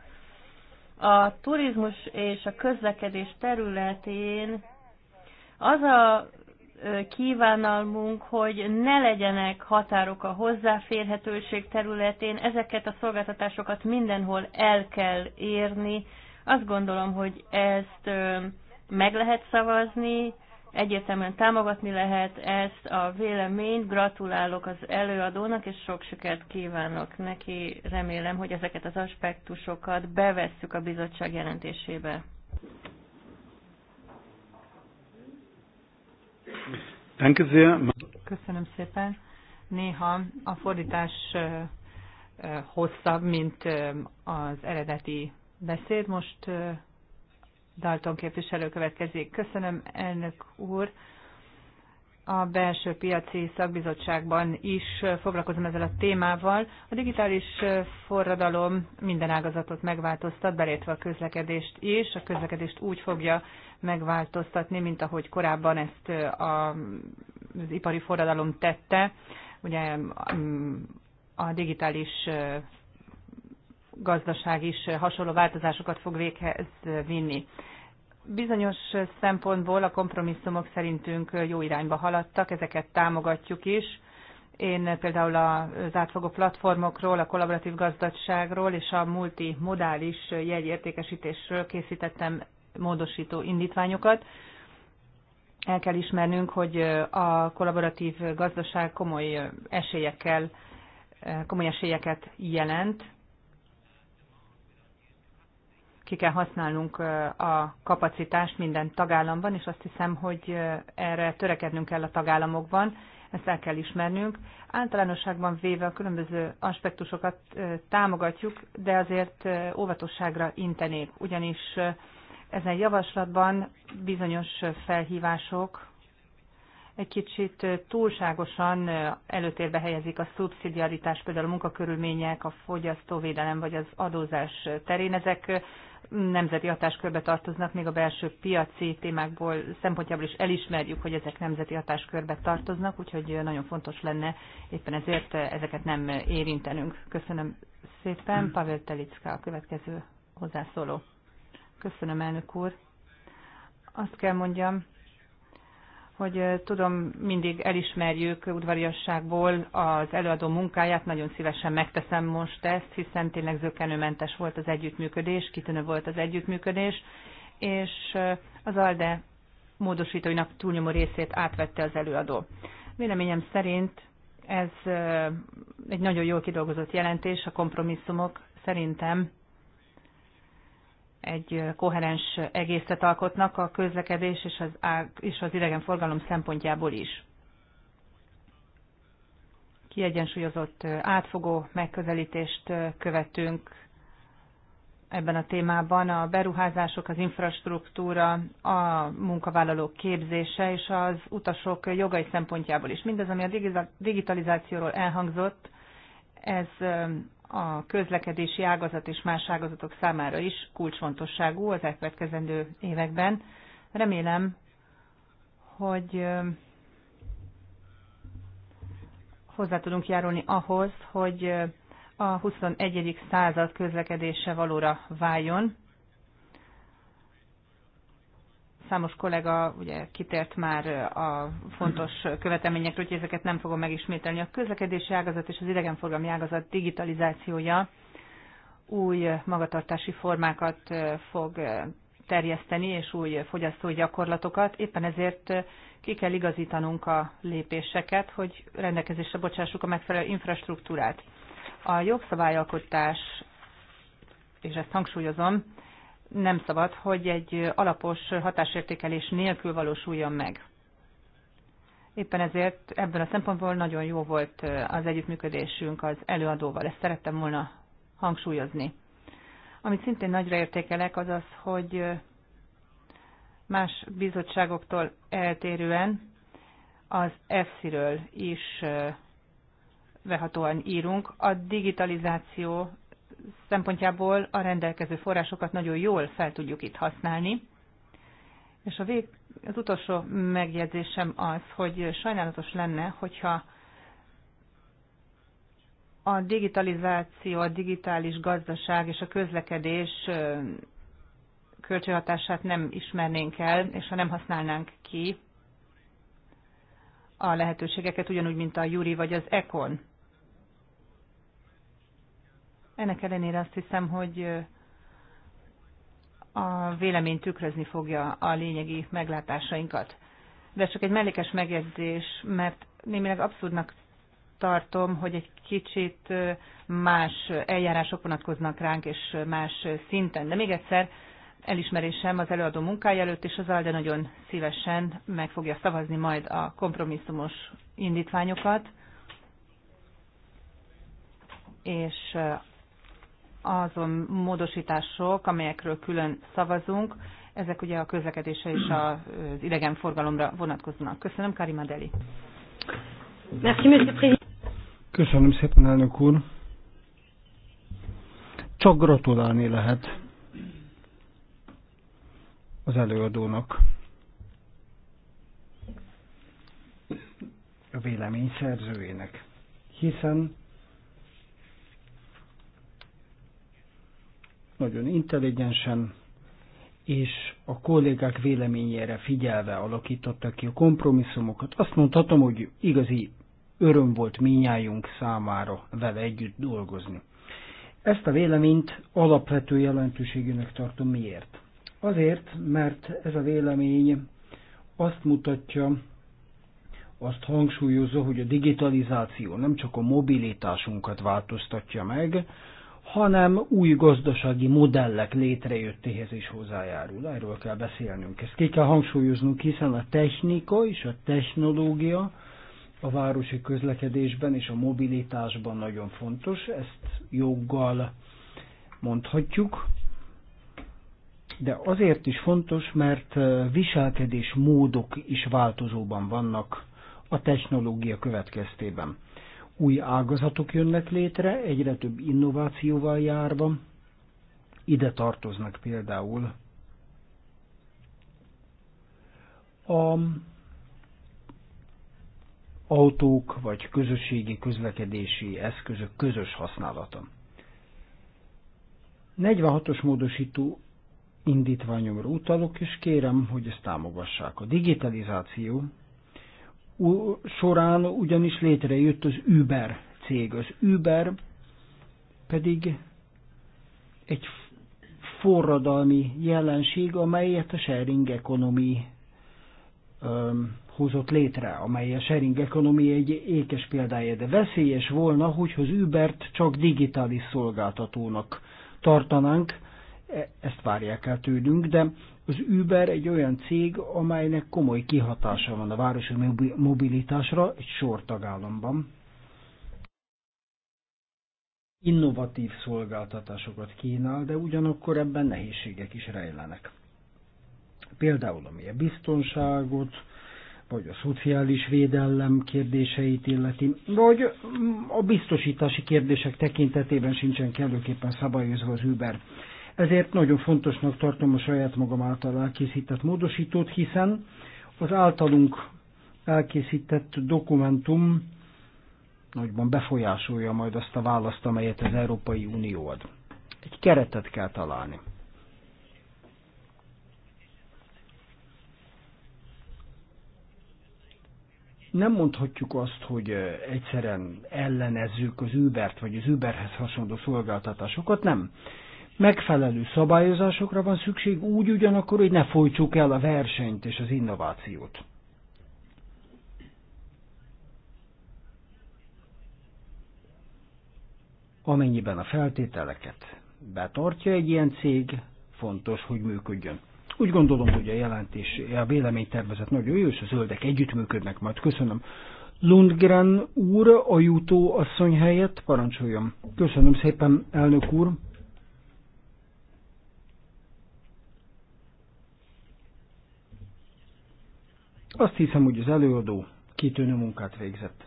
A turizmus és a közlekedés területén az a kívánalmunk, hogy ne legyenek határok a hozzáférhetőség területén, ezeket a szolgáltatásokat mindenhol el kell érni. Azt gondolom, hogy ezt meg lehet szavazni, egyértelműen támogatni lehet ezt a véleményt. Gratulálok az előadónak, és sok sikert kívánok neki. Remélem, hogy ezeket az aspektusokat bevesszük a bizottság jelentésébe. Köszönöm szépen. Néha a fordítás hosszabb, mint az eredeti beszéd. Most Dalton képviselő következik. Köszönöm, elnök úr a belső piaci szakbizottságban is foglalkozom ezzel a témával. A digitális forradalom minden ágazatot megváltoztat, belétve a közlekedést is. A közlekedést úgy fogja megváltoztatni, mint ahogy korábban ezt eh, az ipari forradalom tette. Ugye mm, a digitális eh, gazdaság is eh, hasonló változásokat fog véghez vinni. Bizonyos szempontból a kompromisszumok szerintünk jó irányba haladtak, ezeket támogatjuk is. Én például az átfogó platformokról, a kollaboratív gazdaságról és a multimodális jegyértékesítésről készítettem módosító indítványokat. El kell ismernünk, hogy a kollaboratív gazdaság komoly esélyekkel, komoly esélyeket jelent, ki kell használnunk a kapacitást minden tagállamban, és azt hiszem, hogy erre törekednünk kell a tagállamokban, ezt el kell ismernünk. Általánosságban véve a különböző aspektusokat támogatjuk, de azért óvatosságra intenék, ugyanis ezen javaslatban bizonyos felhívások egy kicsit túlságosan előtérbe helyezik a szubszidiaritás, például a munkakörülmények, a fogyasztóvédelem vagy az adózás terén. Ezek nemzeti hatáskörbe tartoznak, még a belső piaci témákból szempontjából is elismerjük, hogy ezek nemzeti hatáskörbe tartoznak, úgyhogy nagyon fontos lenne éppen ezért ezeket nem érintenünk. Köszönöm szépen. Hmm. Pavel Telicka a következő hozzászóló. Köszönöm, elnök úr. Azt kell mondjam, hogy tudom, mindig elismerjük udvariasságból az előadó munkáját, nagyon szívesen megteszem most ezt, hiszen tényleg zökenőmentes volt az együttműködés, kitűnő volt az együttműködés, és az ALDE módosítóinak túlnyomó részét átvette az előadó. Véleményem szerint ez egy nagyon jól kidolgozott jelentés, a kompromisszumok szerintem egy koherens egészet alkotnak a közlekedés és az, és az idegenforgalom szempontjából is. Kiegyensúlyozott, átfogó megközelítést követünk ebben a témában. A beruházások, az infrastruktúra, a munkavállalók képzése és az utasok jogai szempontjából is. Mindez, ami a digitalizációról elhangzott, ez a közlekedési ágazat és más ágazatok számára is kulcsfontosságú az elkövetkezendő években. Remélem, hogy hozzá tudunk járulni ahhoz, hogy a 21. század közlekedése valóra váljon, Számos kollega ugye kitért már a fontos követelményekről, úgyhogy ezeket nem fogom megismételni. A közlekedési ágazat és az idegenforgalmi ágazat digitalizációja új magatartási formákat fog terjeszteni, és új fogyasztói gyakorlatokat. Éppen ezért ki kell igazítanunk a lépéseket, hogy rendelkezésre bocsássuk a megfelelő infrastruktúrát. A jogszabályalkotás, és ezt hangsúlyozom, nem szabad, hogy egy alapos hatásértékelés nélkül valósuljon meg. Éppen ezért ebben a szempontból nagyon jó volt az együttműködésünk az előadóval, ezt szerettem volna hangsúlyozni. Amit szintén nagyra értékelek, az az, hogy más bizottságoktól eltérően az EFSZ-ről is vehatóan írunk. A digitalizáció szempontjából a rendelkező forrásokat nagyon jól fel tudjuk itt használni. És a vég, az utolsó megjegyzésem az, hogy sajnálatos lenne, hogyha a digitalizáció, a digitális gazdaság és a közlekedés kölcsönhatását nem ismernénk el, és ha nem használnánk ki a lehetőségeket, ugyanúgy, mint a Juri vagy az Econ. Ennek ellenére azt hiszem, hogy a vélemény tükrözni fogja a lényegi meglátásainkat. De csak egy mellékes megjegyzés, mert némileg abszurdnak tartom, hogy egy kicsit más eljárások vonatkoznak ránk, és más szinten. De még egyszer, elismerésem az előadó munkája előtt, és az ALDE nagyon szívesen meg fogja szavazni majd a kompromisszumos indítványokat, és azon módosítások, amelyekről külön szavazunk, ezek ugye a közlekedése és az idegenforgalomra vonatkoznak. Köszönöm, Karima Deli. Köszönöm szépen, elnök úr. Csak gratulálni lehet az előadónak. A vélemény szerzőjének. Hiszen nagyon intelligensen, és a kollégák véleményére figyelve alakítottak ki a kompromisszumokat. Azt mondhatom, hogy igazi öröm volt minnyájunk számára vele együtt dolgozni. Ezt a véleményt alapvető jelentőségűnek tartom miért. Azért, mert ez a vélemény azt mutatja, azt hangsúlyozza, hogy a digitalizáció nem csak a mobilitásunkat változtatja meg, hanem új gazdasági modellek létrejöttéhez is hozzájárul. Erről kell beszélnünk. Ezt ki kell hangsúlyoznunk, hiszen a technika és a technológia a városi közlekedésben és a mobilitásban nagyon fontos, ezt joggal mondhatjuk, de azért is fontos, mert viselkedés módok is változóban vannak a technológia következtében új ágazatok jönnek létre, egyre több innovációval járva. Ide tartoznak például a autók vagy közösségi közlekedési eszközök közös használata. 46-os módosító indítványomra utalok, és kérem, hogy ezt támogassák. A digitalizáció során ugyanis létrejött az Uber cég. Az Uber pedig egy forradalmi jelenség, amelyet a sharing economy öm, hozott létre, amely a sharing economy egy ékes példája, de veszélyes volna, hogyha az Ubert csak digitális szolgáltatónak tartanánk, E, ezt várják el tőlünk, de az Uber egy olyan cég, amelynek komoly kihatása van a városi mobilitásra egy sor tagállamban. Innovatív szolgáltatásokat kínál, de ugyanakkor ebben nehézségek is rejlenek. Például ami a biztonságot, vagy a szociális védelem kérdéseit illeti, vagy mm, a biztosítási kérdések tekintetében sincsen kellőképpen szabályozva az Uber ezért nagyon fontosnak tartom a saját magam által elkészített módosítót, hiszen az általunk elkészített dokumentum nagyban befolyásolja majd azt a választ, amelyet az Európai Unió ad. Egy keretet kell találni. nem mondhatjuk azt, hogy egyszerűen ellenezzük az Ubert vagy az Uberhez hasonló szolgáltatásokat, nem. Megfelelő szabályozásokra van szükség úgy ugyanakkor, hogy ne folytsuk el a versenyt és az innovációt. Amennyiben a feltételeket betartja egy ilyen cég, fontos, hogy működjön. Úgy gondolom, hogy a jelentés, a véleménytervezet nagyon jó, és a zöldek együttműködnek majd. Köszönöm. Lundgren úr a jutó asszony helyett parancsoljam. Köszönöm szépen, elnök úr. Azt hiszem, hogy az előadó kitűnő munkát végzett.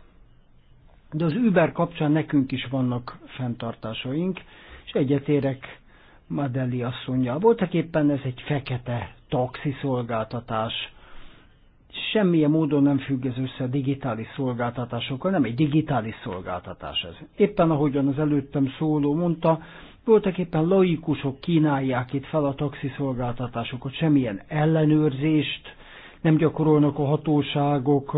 De az Uber kapcsán nekünk is vannak fenntartásaink, és egyetérek Madeli asszonyjal. Voltak éppen ez egy fekete taxiszolgáltatás. Semmilyen módon nem függ ez össze a digitális szolgáltatásokkal, nem egy digitális szolgáltatás ez. Éppen ahogyan az előttem szóló mondta, voltak éppen laikusok kínálják itt fel a taxiszolgáltatásokat, semmilyen ellenőrzést, nem gyakorolnak a hatóságok,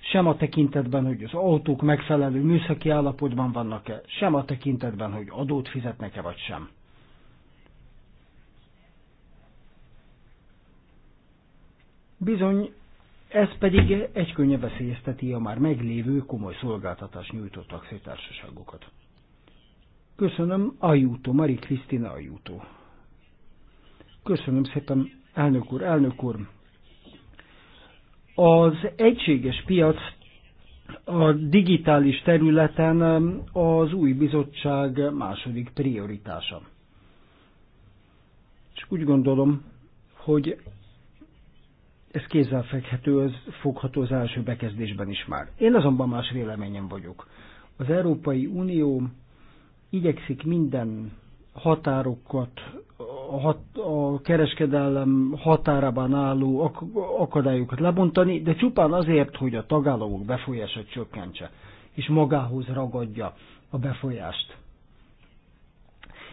sem a tekintetben, hogy az autók megfelelő műszaki állapotban vannak-e, sem a tekintetben, hogy adót fizetnek-e vagy sem. Bizony, ez pedig egykönnye veszélyezteti a már meglévő komoly szolgáltatás nyújtó taxitársaságokat. Köszönöm, Ajútó, Mari Krisztina Ajútó. Köszönöm szépen, elnök úr, elnök úr, az egységes piac a digitális területen az új bizottság második prioritása. És úgy gondolom, hogy ez kézzelfekhető, ez fogható az első bekezdésben is már. Én azonban más véleményem vagyok. Az Európai Unió igyekszik minden határokat, a, hat, a kereskedelem határában álló akadályokat lebontani, de csupán azért, hogy a tagállamok befolyását csökkentse, és magához ragadja a befolyást.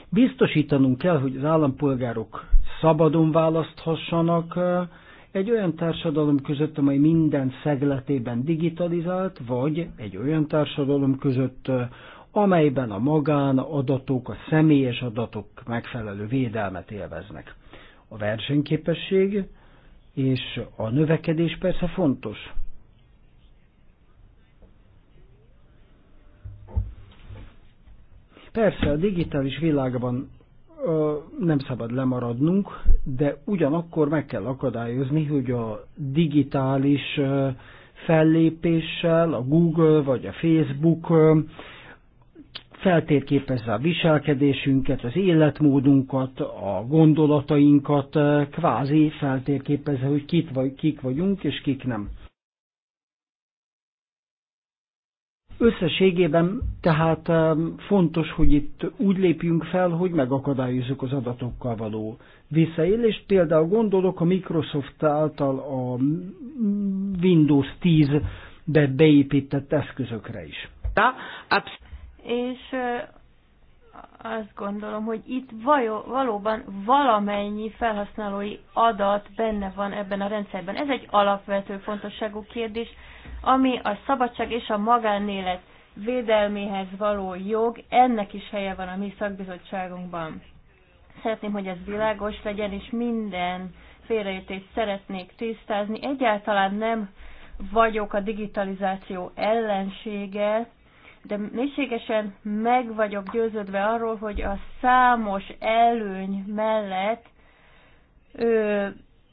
Biztosítanunk kell, hogy az állampolgárok szabadon választhassanak eh, egy olyan társadalom között, amely minden szegletében digitalizált, vagy egy olyan társadalom között, eh, amelyben a adatok, a személyes adatok megfelelő védelmet élveznek. A versenyképesség és a növekedés persze fontos. Persze a digitális világban ö, nem szabad lemaradnunk, de ugyanakkor meg kell akadályozni, hogy a digitális ö, fellépéssel a Google vagy a Facebook ö, feltérképezze a viselkedésünket, az életmódunkat, a gondolatainkat, eh, kvázi feltérképezze, hogy kit vagy, kik vagyunk és kik nem. Összességében tehát eh, fontos, hogy itt úgy lépjünk fel, hogy megakadályozzuk az adatokkal való visszaélést. Például gondolok a Microsoft által a Windows 10-be beépített eszközökre is és azt gondolom, hogy itt vajó, valóban valamennyi felhasználói adat benne van ebben a rendszerben. Ez egy alapvető fontosságú kérdés, ami a szabadság és a magánélet védelméhez való jog, ennek is helye van a mi szakbizottságunkban. Szeretném, hogy ez világos legyen, és minden félreértést szeretnék tisztázni. Egyáltalán nem vagyok a digitalizáció ellensége, de mélységesen meg vagyok győződve arról, hogy a számos előny mellett ö,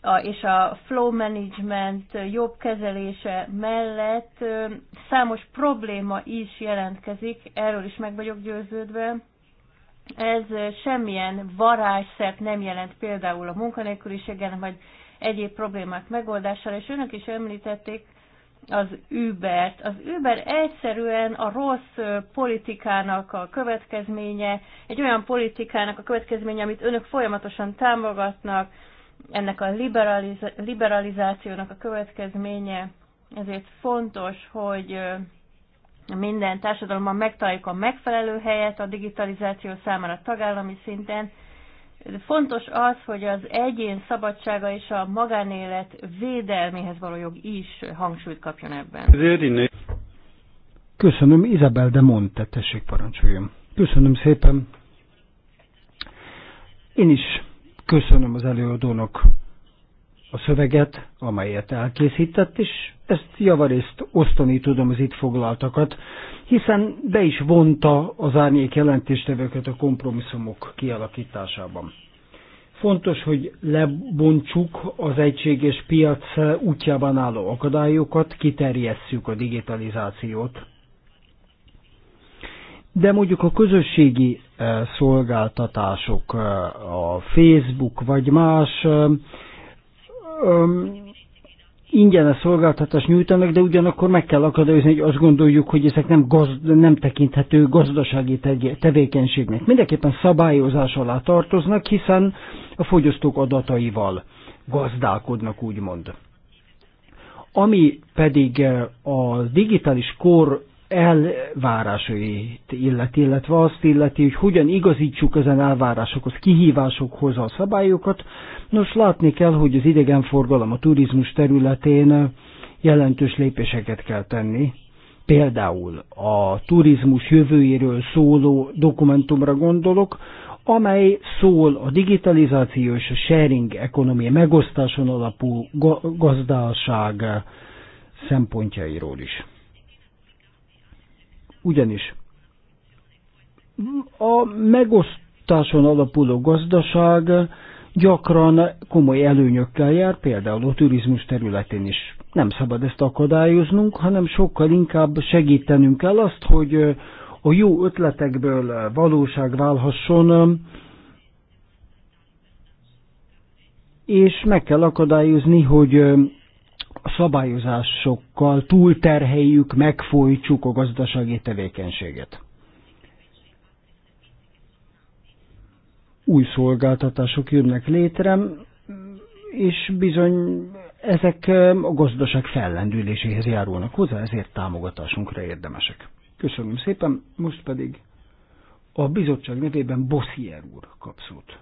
a, és a flow management jobb kezelése mellett ö, számos probléma is jelentkezik, erről is meg vagyok győződve. Ez semmilyen varázsszert nem jelent például a munkanélküliségen, vagy egyéb problémák megoldására, és önök is említették, az Ubert. Az Uber egyszerűen a rossz politikának a következménye, egy olyan politikának a következménye, amit önök folyamatosan támogatnak, ennek a liberaliz- liberalizációnak a következménye, ezért fontos, hogy minden társadalomban megtaláljuk a megfelelő helyet a digitalizáció számára tagállami szinten, Fontos az, hogy az egyén szabadsága és a magánélet védelméhez való jog is hangsúlyt kapjon ebben. Köszönöm, Izabel de Monte, tessék parancsoljon. Köszönöm szépen. Én is köszönöm az előadónak a szöveget, amelyet elkészített, és ezt javarészt osztani tudom az itt foglaltakat, hiszen be is vonta az árnyék jelentéstevőket a kompromisszumok kialakításában. Fontos, hogy lebontsuk az egységes piac útjában álló akadályokat, kiterjesszük a digitalizációt. De mondjuk a közösségi eh, szolgáltatások, eh, a Facebook vagy más eh, um, ingyenes szolgáltatást nyújtanak, de ugyanakkor meg kell akadályozni, hogy azt gondoljuk, hogy ezek nem, gazd, nem tekinthető gazdasági tevékenységnek. Mindenképpen szabályozás alá tartoznak, hiszen a fogyasztók adataival gazdálkodnak, úgymond. Ami pedig eh, a digitális kor elvárásait illeti, illetve azt illeti, hogy hogyan igazítsuk ezen elvárásokhoz, kihívásokhoz a szabályokat. Nos, látni kell, hogy az idegenforgalom a turizmus területén jelentős lépéseket kell tenni. Például a turizmus jövőjéről szóló dokumentumra gondolok, amely szól a digitalizáció és a sharing ekonomi megosztáson alapú gazdaság szempontjairól is. Ugyanis a megosztáson alapuló gazdaság gyakran komoly előnyökkel jár, például a turizmus területén is. Nem szabad ezt akadályoznunk, hanem sokkal inkább segítenünk kell azt, hogy a jó ötletekből valóság válhasson, és meg kell akadályozni, hogy a szabályozásokkal túlterheljük, megfolytsuk a gazdasági tevékenységet. Új szolgáltatások jönnek létre, és bizony ezek a gazdaság fellendüléséhez járulnak hozzá, ezért támogatásunkra érdemesek. Köszönöm szépen, most pedig a bizottság nevében Bosszier úr kap szót.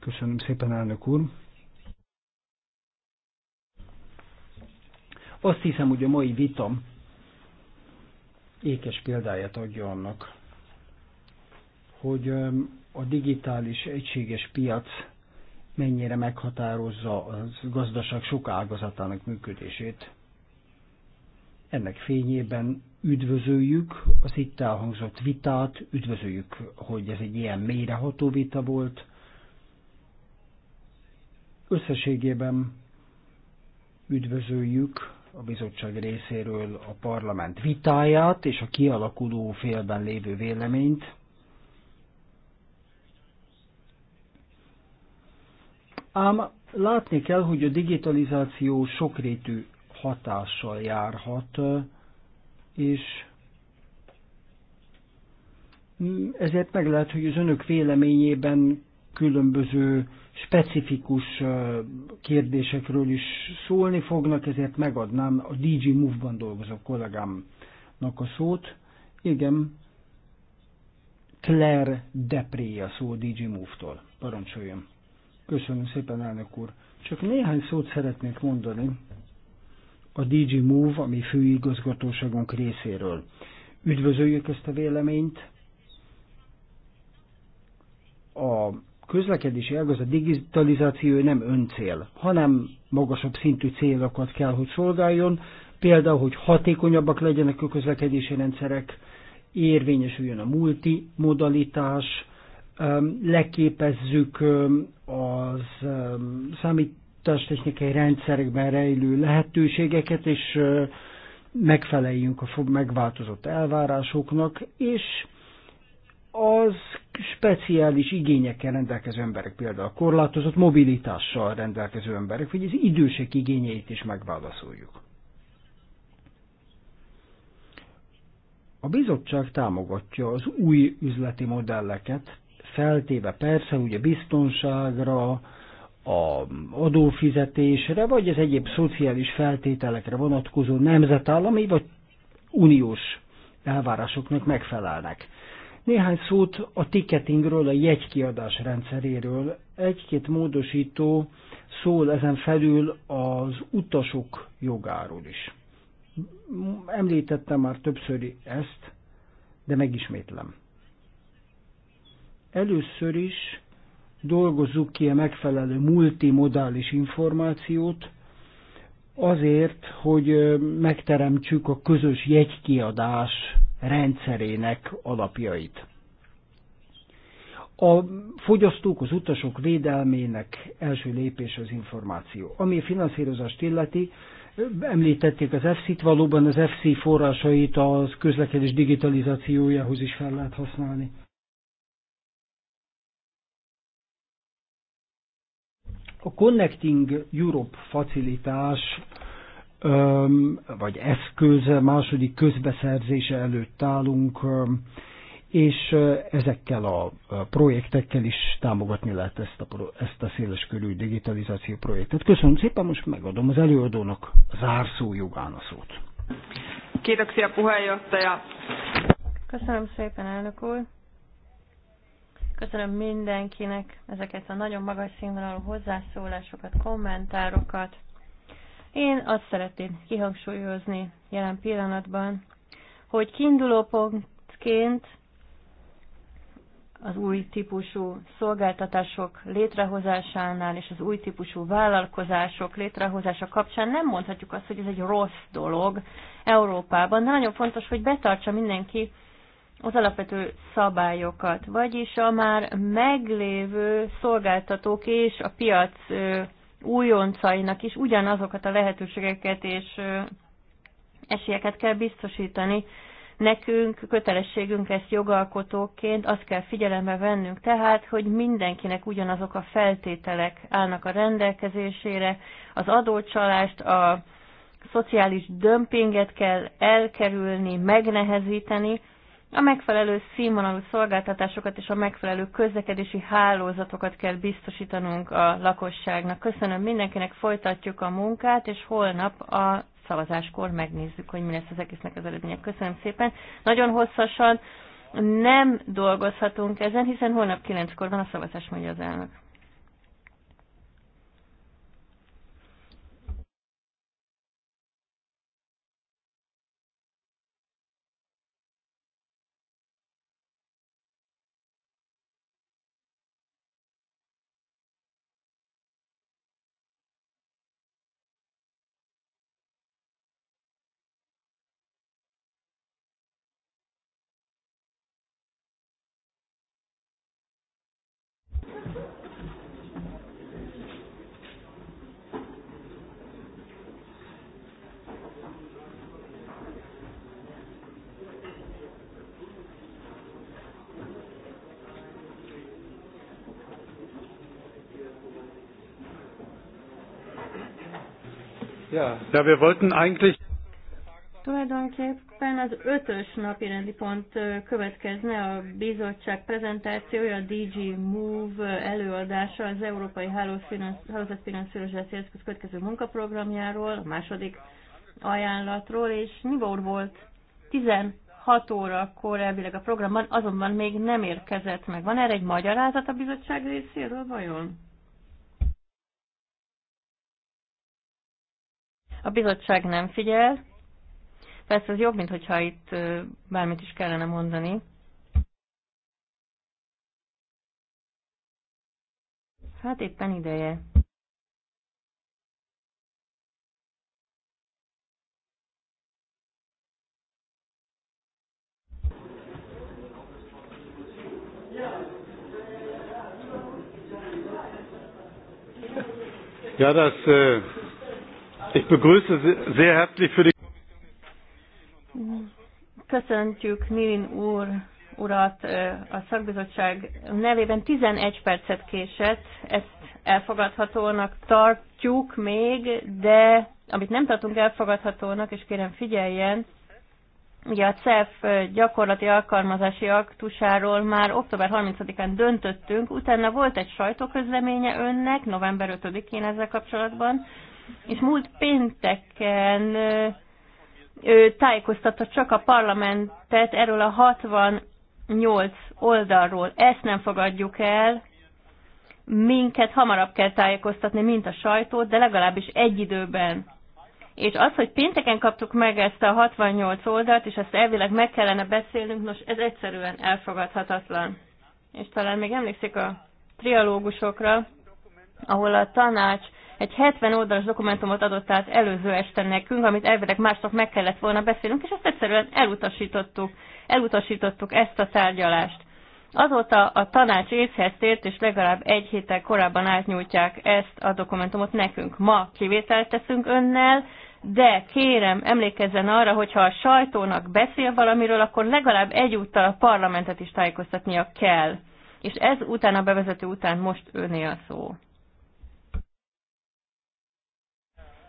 Köszönöm szépen, elnök úr. Azt hiszem, hogy a mai vitam ékes példáját adja annak, hogy a digitális egységes piac mennyire meghatározza a gazdaság sok ágazatának működését. Ennek fényében üdvözöljük az itt elhangzott vitát, üdvözöljük, hogy ez egy ilyen mélyreható vita volt. Összességében üdvözöljük a bizottság részéről a parlament vitáját és a kialakuló félben lévő véleményt. Ám látni kell, hogy a digitalizáció sokrétű hatással járhat, és ezért meg lehet, hogy az önök véleményében különböző specifikus kérdésekről is szólni fognak, ezért megadnám a DG Move-ban dolgozó kollégámnak a szót. Igen, Claire Depré a szó DG Move-tól. Parancsoljon. Köszönöm szépen, elnök úr. Csak néhány szót szeretnék mondani a DG Move, ami főigazgatóságunk részéről. Üdvözöljük ezt a véleményt. A közlekedési ágazat digitalizáció nem öncél, hanem magasabb szintű célokat kell, hogy szolgáljon, például, hogy hatékonyabbak legyenek a közlekedési rendszerek, érvényesüljön a multimodalitás, leképezzük az számítástechnikai rendszerekben rejlő lehetőségeket, és megfeleljünk a megváltozott elvárásoknak, és az speciális igényekkel rendelkező emberek, például korlátozott mobilitással rendelkező emberek, hogy az idősek igényeit is megválaszoljuk. A bizottság támogatja az új üzleti modelleket, feltéve persze ugye biztonságra, a adófizetésre, vagy az egyéb szociális feltételekre vonatkozó nemzetállami vagy uniós elvárásoknak megfelelnek. Néhány szót a ticketingről, a jegykiadás rendszeréről. Egy-két módosító szól ezen felül az utasok jogáról is. Említettem már többször ezt, de megismétlem. Először is dolgozzuk ki a megfelelő multimodális információt, azért, hogy megteremtsük a közös jegykiadás rendszerének alapjait. A fogyasztók, az utasok védelmének első lépés az információ. Ami a finanszírozást illeti, említették az FC-t, valóban az FC forrásait az közlekedés digitalizációjához is fel lehet használni. A Connecting Europe facilitás vagy eszköz második közbeszerzése előtt állunk, és ezekkel a projektekkel is támogatni lehet ezt a, ezt a körű digitalizáció projektet. Köszönöm szépen, most megadom az előadónak zárszó jogán a szót. Kiitoksia puheenjohtaja. Köszönöm szépen, elnök úr. Köszönöm mindenkinek ezeket a nagyon magas színvonalú hozzászólásokat, kommentárokat. Én azt szeretném kihangsúlyozni jelen pillanatban, hogy pontként az új típusú szolgáltatások létrehozásánál és az új típusú vállalkozások létrehozása kapcsán nem mondhatjuk azt, hogy ez egy rossz dolog Európában, de nagyon fontos, hogy betartsa mindenki az alapvető szabályokat, vagyis a már meglévő szolgáltatók és a piac újoncainak is ugyanazokat a lehetőségeket és esélyeket kell biztosítani. Nekünk kötelességünk ezt jogalkotóként, azt kell figyelembe vennünk tehát, hogy mindenkinek ugyanazok a feltételek állnak a rendelkezésére, az adócsalást, a szociális dömpinget kell elkerülni, megnehezíteni, a megfelelő színvonalú szolgáltatásokat és a megfelelő közlekedési hálózatokat kell biztosítanunk a lakosságnak. Köszönöm mindenkinek, folytatjuk a munkát, és holnap a szavazáskor megnézzük, hogy mi lesz az egésznek az eredmények. Köszönöm szépen. Nagyon hosszasan nem dolgozhatunk ezen, hiszen holnap 9-kor van a szavazás, mondja az elnök. Ja, wir wollten eigentlich Tulajdonképpen az ötös napi rendi pont következne a bizottság prezentációja, a DG Move előadása az Európai Hálózatfinanszírozási Eszköz következő munkaprogramjáról, a második ajánlatról, és Nibor volt 16 órakor elvileg a programban, azonban még nem érkezett meg. Van erre egy magyarázat a bizottság részéről vajon? A bizottság nem figyel. Persze ez jobb, mint hogyha itt bármit is kellene mondani. Hát éppen ideje. Ja, das äh, Ich begrüße sehr herzlich für die Köszöntjük Nilin úr urat a szakbizottság nevében 11 percet késett, ezt elfogadhatónak tartjuk még, de amit nem tartunk elfogadhatónak, és kérem figyeljen, ugye a CEF gyakorlati alkalmazási aktusáról már október 30-án döntöttünk, utána volt egy sajtóközleménye önnek, november 5-én ezzel kapcsolatban, és múlt pénteken ő tájékoztatta csak a parlamentet erről a 68 oldalról. Ezt nem fogadjuk el, minket hamarabb kell tájékoztatni, mint a sajtót, de legalábbis egy időben. És az, hogy pénteken kaptuk meg ezt a 68 oldalt, és ezt elvileg meg kellene beszélnünk, nos, ez egyszerűen elfogadhatatlan. És talán még emlékszik a trialógusokra, ahol a tanács egy 70 oldalas dokumentumot adott át előző este nekünk, amit elvileg másnak meg kellett volna beszélnünk, és ezt egyszerűen elutasítottuk, elutasítottuk ezt a tárgyalást. Azóta a tanács észhez tért, és legalább egy héttel korábban átnyújtják ezt a dokumentumot nekünk. Ma kivételt teszünk önnel, de kérem, emlékezzen arra, hogyha a sajtónak beszél valamiről, akkor legalább egyúttal a parlamentet is tájékoztatnia kell. És ez utána a bevezető után most öné a szó.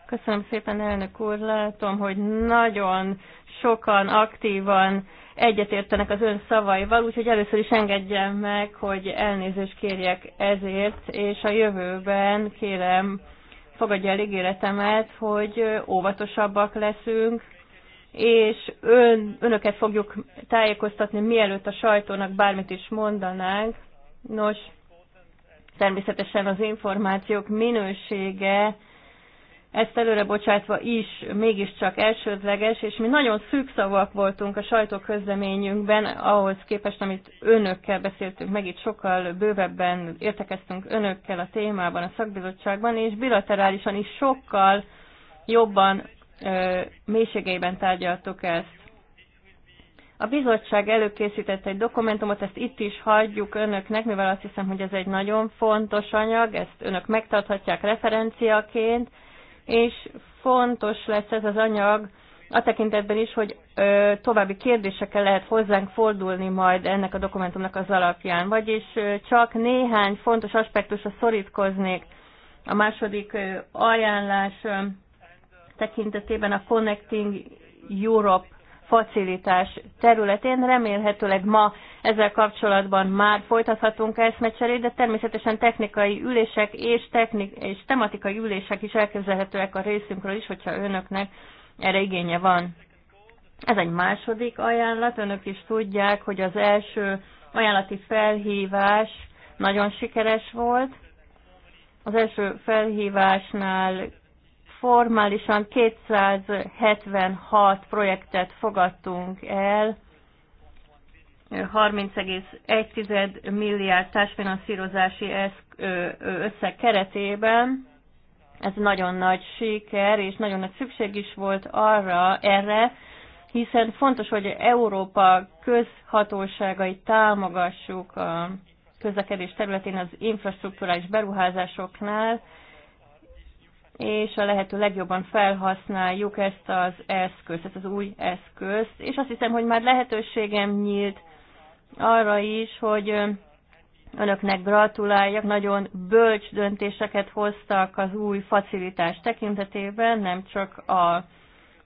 Köszönöm szépen, elnök úr. Látom, hogy nagyon sokan aktívan egyetértenek az ön szavaival, úgyhogy először is engedjem meg, hogy elnézést kérjek ezért, és a jövőben kérem, fogadja el ígéretemet, hogy óvatosabbak leszünk, és ön, önöket fogjuk tájékoztatni, mielőtt a sajtónak bármit is mondanánk. Nos, természetesen az információk minősége ezt előre bocsátva is mégiscsak elsődleges, és mi nagyon szűk szavak voltunk a sajtóközleményünkben ahhoz képest, amit önökkel beszéltünk meg, itt sokkal bővebben értekeztünk önökkel a témában, a szakbizottságban, és bilaterálisan is sokkal jobban ö, mélységeiben tárgyaltuk ezt. A bizottság előkészített egy dokumentumot, ezt itt is hagyjuk önöknek, mivel azt hiszem, hogy ez egy nagyon fontos anyag, ezt önök megtarthatják referenciaként, és fontos lesz ez az anyag a tekintetben is, hogy ö, további kérdésekkel lehet hozzánk fordulni majd ennek a dokumentumnak az alapján. Vagyis ö, csak néhány fontos aspektusra szorítkoznék a második ö, ajánlás ö, tekintetében a Connecting Europe facilitás területén. Remélhetőleg ma ezzel kapcsolatban már folytathatunk eszmecserét, de természetesen technikai ülések és, technik- és tematikai ülések is elképzelhetőek a részünkről is, hogyha önöknek erre igénye van. Ez egy második ajánlat. Önök is tudják, hogy az első ajánlati felhívás nagyon sikeres volt. Az első felhívásnál formálisan 276 projektet fogadtunk el, 30,1 milliárd társfinanszírozási összeg keretében. Ez nagyon nagy siker, és nagyon nagy szükség is volt arra, erre, hiszen fontos, hogy Európa közhatóságai támogassuk a közlekedés területén az infrastruktúrális beruházásoknál, és a lehető legjobban felhasználjuk ezt az eszközt, ezt az új eszközt, és azt hiszem, hogy már lehetőségem nyílt arra is, hogy önöknek gratuláljak, nagyon bölcs döntéseket hoztak az új facilitás tekintetében, nem csak a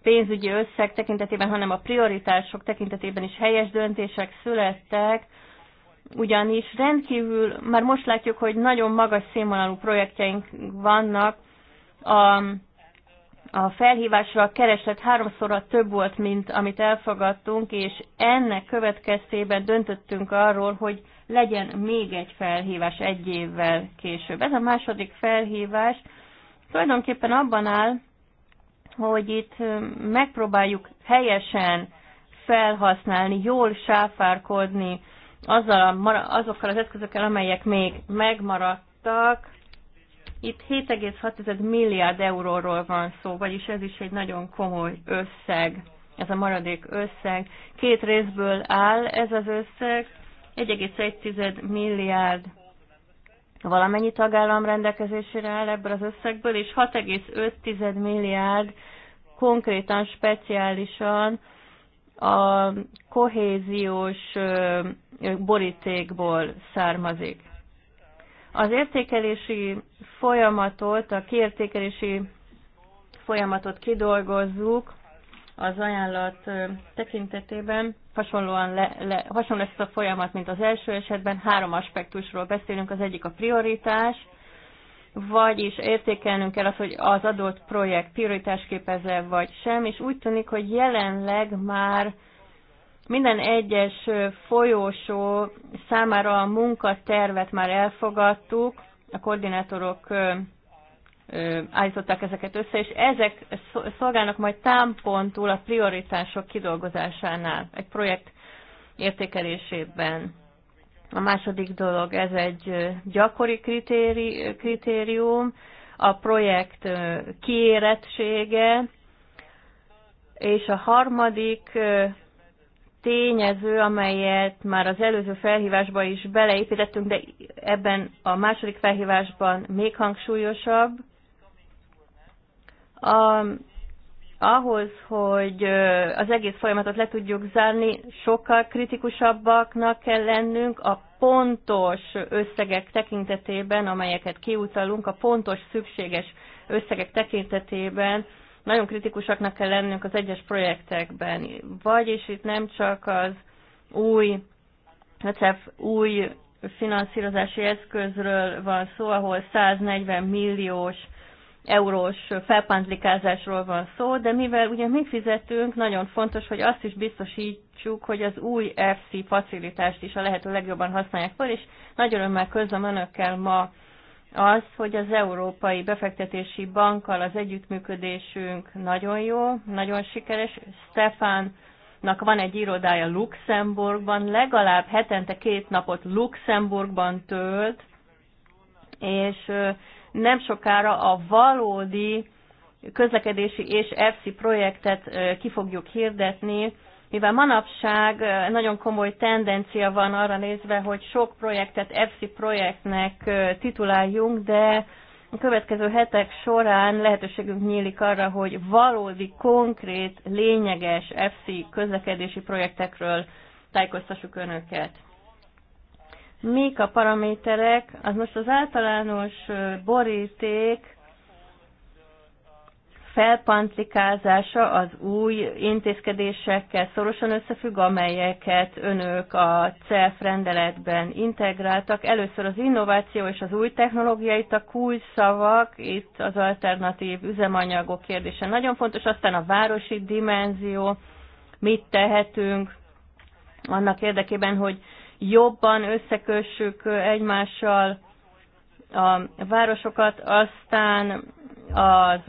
pénzügyi összeg tekintetében, hanem a prioritások tekintetében is helyes döntések születtek, ugyanis rendkívül, már most látjuk, hogy nagyon magas színvonalú projektjeink vannak, a, a felhívásra a kereslet háromszorra több volt, mint amit elfogadtunk, és ennek következtében döntöttünk arról, hogy legyen még egy felhívás egy évvel később. Ez a második felhívás tulajdonképpen abban áll, hogy itt megpróbáljuk helyesen felhasználni, jól sáfárkodni azzal a, azokkal az eszközökkel, amelyek még megmaradtak, itt 7,6 milliárd euróról van szó, vagyis ez is egy nagyon komoly összeg, ez a maradék összeg. Két részből áll ez az összeg, 1,1 milliárd valamennyi tagállam rendelkezésére áll ebből az összegből, és 6,5 milliárd konkrétan, speciálisan a kohéziós borítékból származik. Az értékelési folyamatot, a kiértékelési folyamatot kidolgozzuk az ajánlat tekintetében. Hasonlóan le, le, hasonló lesz a folyamat, mint az első esetben. Három aspektusról beszélünk. Az egyik a prioritás, vagyis értékelnünk kell azt, hogy az adott projekt prioritás képeze vagy sem, és úgy tűnik, hogy jelenleg már minden egyes folyósó számára a munkatervet már elfogadtuk, a koordinátorok állították ezeket össze, és ezek szolgálnak majd támpontul a prioritások kidolgozásánál, egy projekt értékelésében. A második dolog, ez egy gyakori kritéri, kritérium, a projekt kiérettsége, és a harmadik tényező, amelyet már az előző felhívásban is beleépítettünk, de ebben a második felhívásban még hangsúlyosabb. A, ahhoz, hogy az egész folyamatot le tudjuk zárni, sokkal kritikusabbaknak kell lennünk a pontos összegek tekintetében, amelyeket kiutalunk, a pontos szükséges összegek tekintetében, nagyon kritikusaknak kell lennünk az egyes projektekben. Vagyis itt nem csak az új, CEF új finanszírozási eszközről van szó, ahol 140 milliós eurós felpántlikázásról van szó, de mivel ugye mi fizetünk, nagyon fontos, hogy azt is biztosítsuk, hogy az új FC facilitást is a lehető legjobban használják fel, és nagy örömmel közlöm önökkel ma az, hogy az Európai Befektetési Bankkal az együttműködésünk nagyon jó, nagyon sikeres. Stefánnak van egy irodája Luxemburgban, legalább hetente két napot Luxemburgban tölt, és nem sokára a valódi közlekedési és EFSI projektet ki fogjuk hirdetni, mivel manapság nagyon komoly tendencia van arra nézve, hogy sok projektet EFSI projektnek tituláljunk, de a következő hetek során lehetőségünk nyílik arra, hogy valódi, konkrét, lényeges EFSI közlekedési projektekről tájékoztassuk Önöket. Mik a paraméterek? Az most az általános boríték felpantlikázása az új intézkedésekkel szorosan összefügg, amelyeket önök a CEF rendeletben integráltak. Először az innováció és az új technológia, itt a kulcs szavak, itt az alternatív üzemanyagok kérdése nagyon fontos, aztán a városi dimenzió, mit tehetünk annak érdekében, hogy jobban összekössük egymással a városokat, aztán az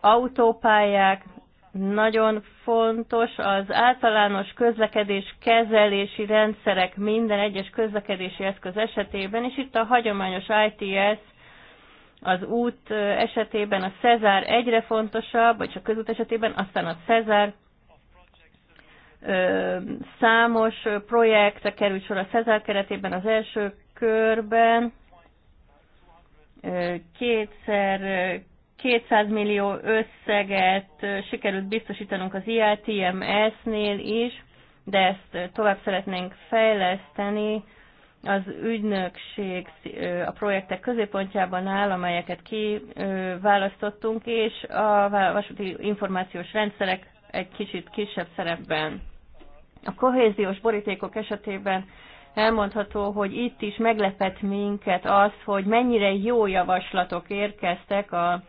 autópályák, nagyon fontos az általános közlekedés kezelési rendszerek minden egyes közlekedési eszköz esetében, és itt a hagyományos ITS az út esetében a Cezár egyre fontosabb, vagy csak közút esetében, aztán a Cezár számos projektre került sor a Cezár keretében az első körben, kétszer 200 millió összeget sikerült biztosítanunk az IATMS-nél is, de ezt tovább szeretnénk fejleszteni. Az ügynökség a projektek középpontjában áll, amelyeket kiválasztottunk, és a vasúti információs rendszerek egy kicsit kisebb szerepben. A kohéziós borítékok esetében elmondható, hogy itt is meglepett minket az, hogy mennyire jó javaslatok érkeztek a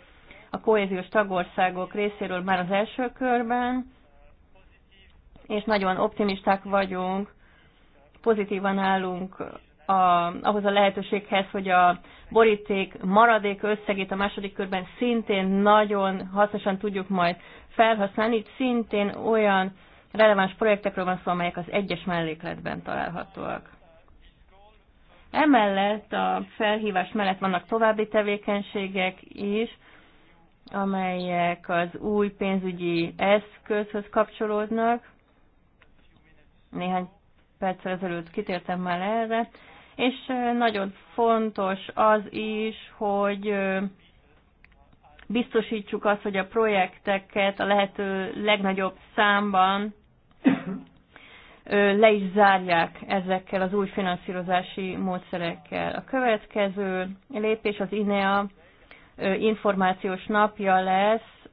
a kohéziós tagországok részéről már az első körben, és nagyon optimisták vagyunk, pozitívan állunk a, ahhoz a lehetőséghez, hogy a boríték maradék összegét a második körben szintén nagyon hasznosan tudjuk majd felhasználni. Itt szintén olyan releváns projektekről van szó, amelyek az egyes mellékletben találhatóak. Emellett a felhívás mellett vannak további tevékenységek is, amelyek az új pénzügyi eszközhöz kapcsolódnak. Néhány perccel ezelőtt kitértem már erre. És nagyon fontos az is, hogy biztosítsuk azt, hogy a projekteket a lehető legnagyobb számban le is zárják ezekkel az új finanszírozási módszerekkel. A következő lépés az INEA információs napja lesz.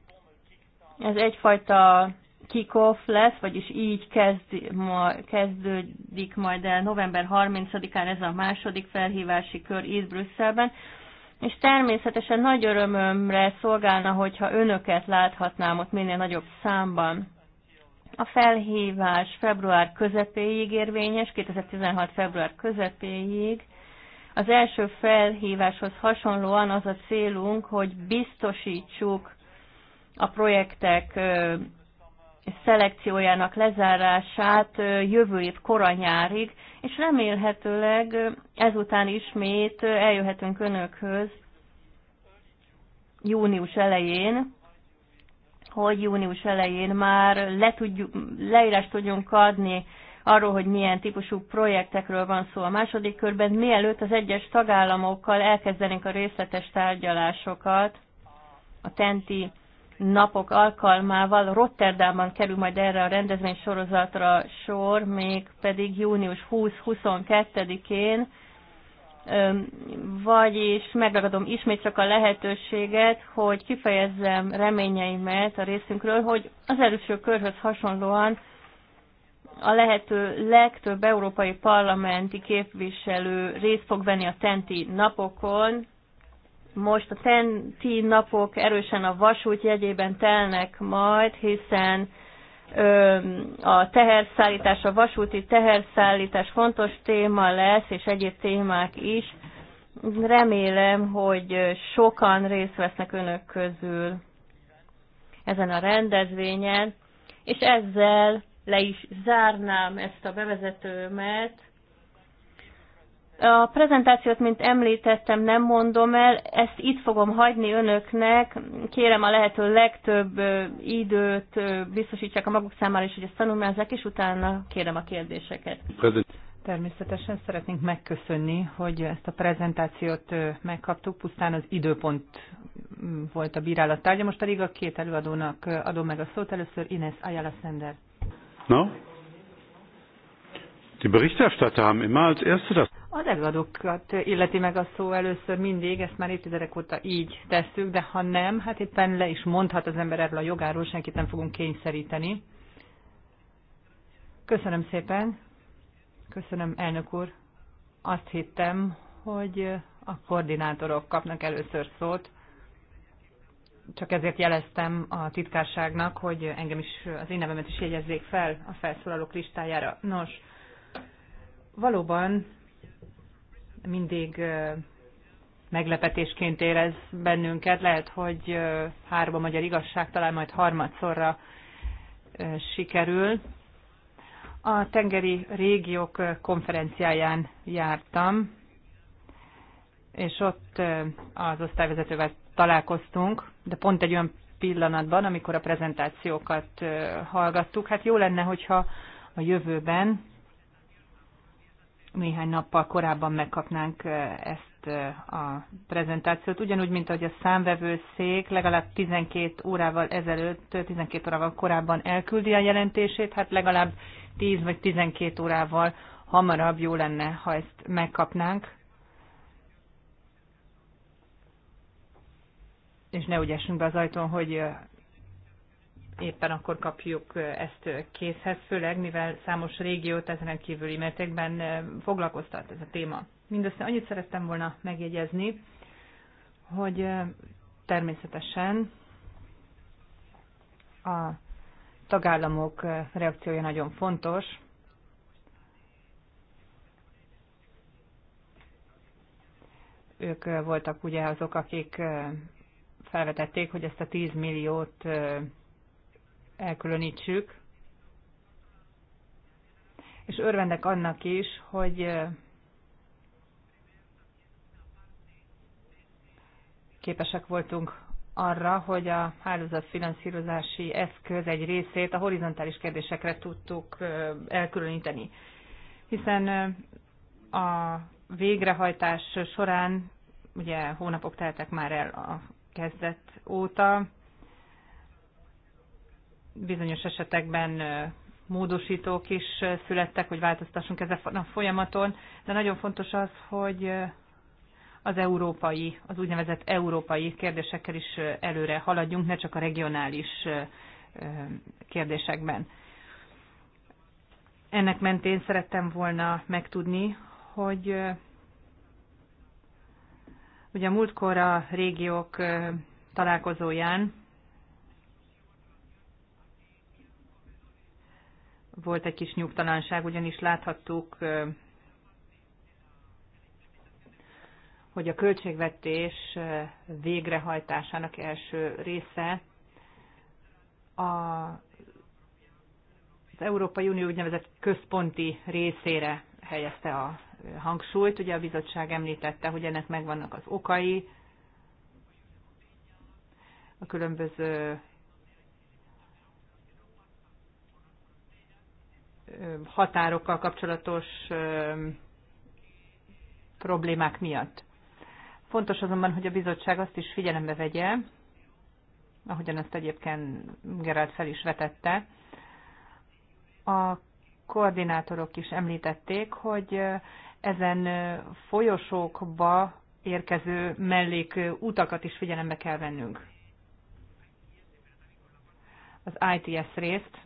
Ez egyfajta kick-off lesz, vagyis így kezd, ma, kezdődik majd el november 30-án ez a második felhívási kör itt Brüsszelben, és természetesen nagy örömömre szolgálna, hogyha önöket láthatnám ott minél nagyobb számban. A felhívás február közepéig érvényes, 2016. február közepéig, az első felhíváshoz hasonlóan az a célunk, hogy biztosítsuk a projektek szelekciójának lezárását jövő év koranyárig, és remélhetőleg ezután ismét eljöhetünk önökhöz június elején, hogy június elején már le tudjuk, leírást tudjunk adni arról, hogy milyen típusú projektekről van szó a második körben, mielőtt az egyes tagállamokkal elkezdenénk a részletes tárgyalásokat a tenti napok alkalmával Rotterdamban kerül majd erre a rendezvény sorozatra sor, még pedig június 20-22-én, vagyis megragadom ismét csak a lehetőséget, hogy kifejezzem reményeimet a részünkről, hogy az előső körhöz hasonlóan a lehető legtöbb európai parlamenti képviselő részt fog venni a tenti napokon. Most a tenti napok erősen a vasút jegyében telnek majd, hiszen a teherszállítás, a vasúti teherszállítás fontos téma lesz, és egyéb témák is. Remélem, hogy sokan részt vesznek önök közül ezen a rendezvényen, és ezzel le is zárnám ezt a bevezetőmet. A prezentációt, mint említettem, nem mondom el, ezt itt fogom hagyni önöknek. Kérem a lehető legtöbb időt biztosítsák a maguk számára is, hogy ezt tanulmányozzák, és utána kérem a kérdéseket. Természetesen szeretnénk megköszönni, hogy ezt a prezentációt megkaptuk, pusztán az időpont mm, volt a bírálat tárgya, most pedig a két előadónak adom meg a szót, először Ines Ayala Sender. No? Die Berichterstatter haben immer als erste das. Az előadókat illeti meg a szó először mindig, ezt már évtizedek óta így tesszük, de ha nem, hát éppen le is mondhat az ember erről a jogáról, senkit nem fogunk kényszeríteni. Köszönöm szépen. Köszönöm, elnök úr. Azt hittem, hogy a koordinátorok kapnak először szót csak ezért jeleztem a titkárságnak, hogy engem is, az én nevemet is jegyezzék fel a felszólalók listájára. Nos, valóban mindig meglepetésként érez bennünket. Lehet, hogy három a magyar igazság talán majd harmadszorra sikerül. A tengeri régiók konferenciáján jártam, és ott az osztályvezetővel találkoztunk, de pont egy olyan pillanatban, amikor a prezentációkat hallgattuk. Hát jó lenne, hogyha a jövőben néhány nappal korábban megkapnánk ezt a prezentációt, ugyanúgy, mint ahogy a számvevőszék legalább 12 órával ezelőtt, 12 órával korábban elküldi a jelentését, hát legalább 10 vagy 12 órával hamarabb jó lenne, ha ezt megkapnánk, és ne úgy be az ajtón, hogy éppen akkor kapjuk ezt készhez, főleg mivel számos régiót ezen kívüli mértékben foglalkoztat ez a téma. Mindössze annyit szerettem volna megjegyezni, hogy természetesen a tagállamok reakciója nagyon fontos, ők voltak ugye azok, akik felvetették, hogy ezt a 10 milliót elkülönítsük. És örvendek annak is, hogy képesek voltunk arra, hogy a hálózatfinanszírozási eszköz egy részét a horizontális kérdésekre tudtuk elkülöníteni. Hiszen a végrehajtás során ugye hónapok teltek már el a kezdet óta. Bizonyos esetekben módosítók is születtek, hogy változtassunk ezen a folyamaton, de nagyon fontos az, hogy az európai, az úgynevezett európai kérdésekkel is előre haladjunk, ne csak a regionális kérdésekben. Ennek mentén szerettem volna megtudni, hogy Ugye a múltkor a régiók találkozóján volt egy kis nyugtalanság, ugyanis láthattuk, hogy a költségvetés végrehajtásának első része a, az Európai Unió úgynevezett központi részére helyezte a hangsúlyt. Ugye a bizottság említette, hogy ennek megvannak az okai, a különböző határokkal kapcsolatos problémák miatt. Fontos azonban, hogy a bizottság azt is figyelembe vegye, ahogyan ezt egyébként Gerált fel is vetette, a koordinátorok is említették, hogy ezen folyosókba érkező mellék utakat is figyelembe kell vennünk. Az ITS részt,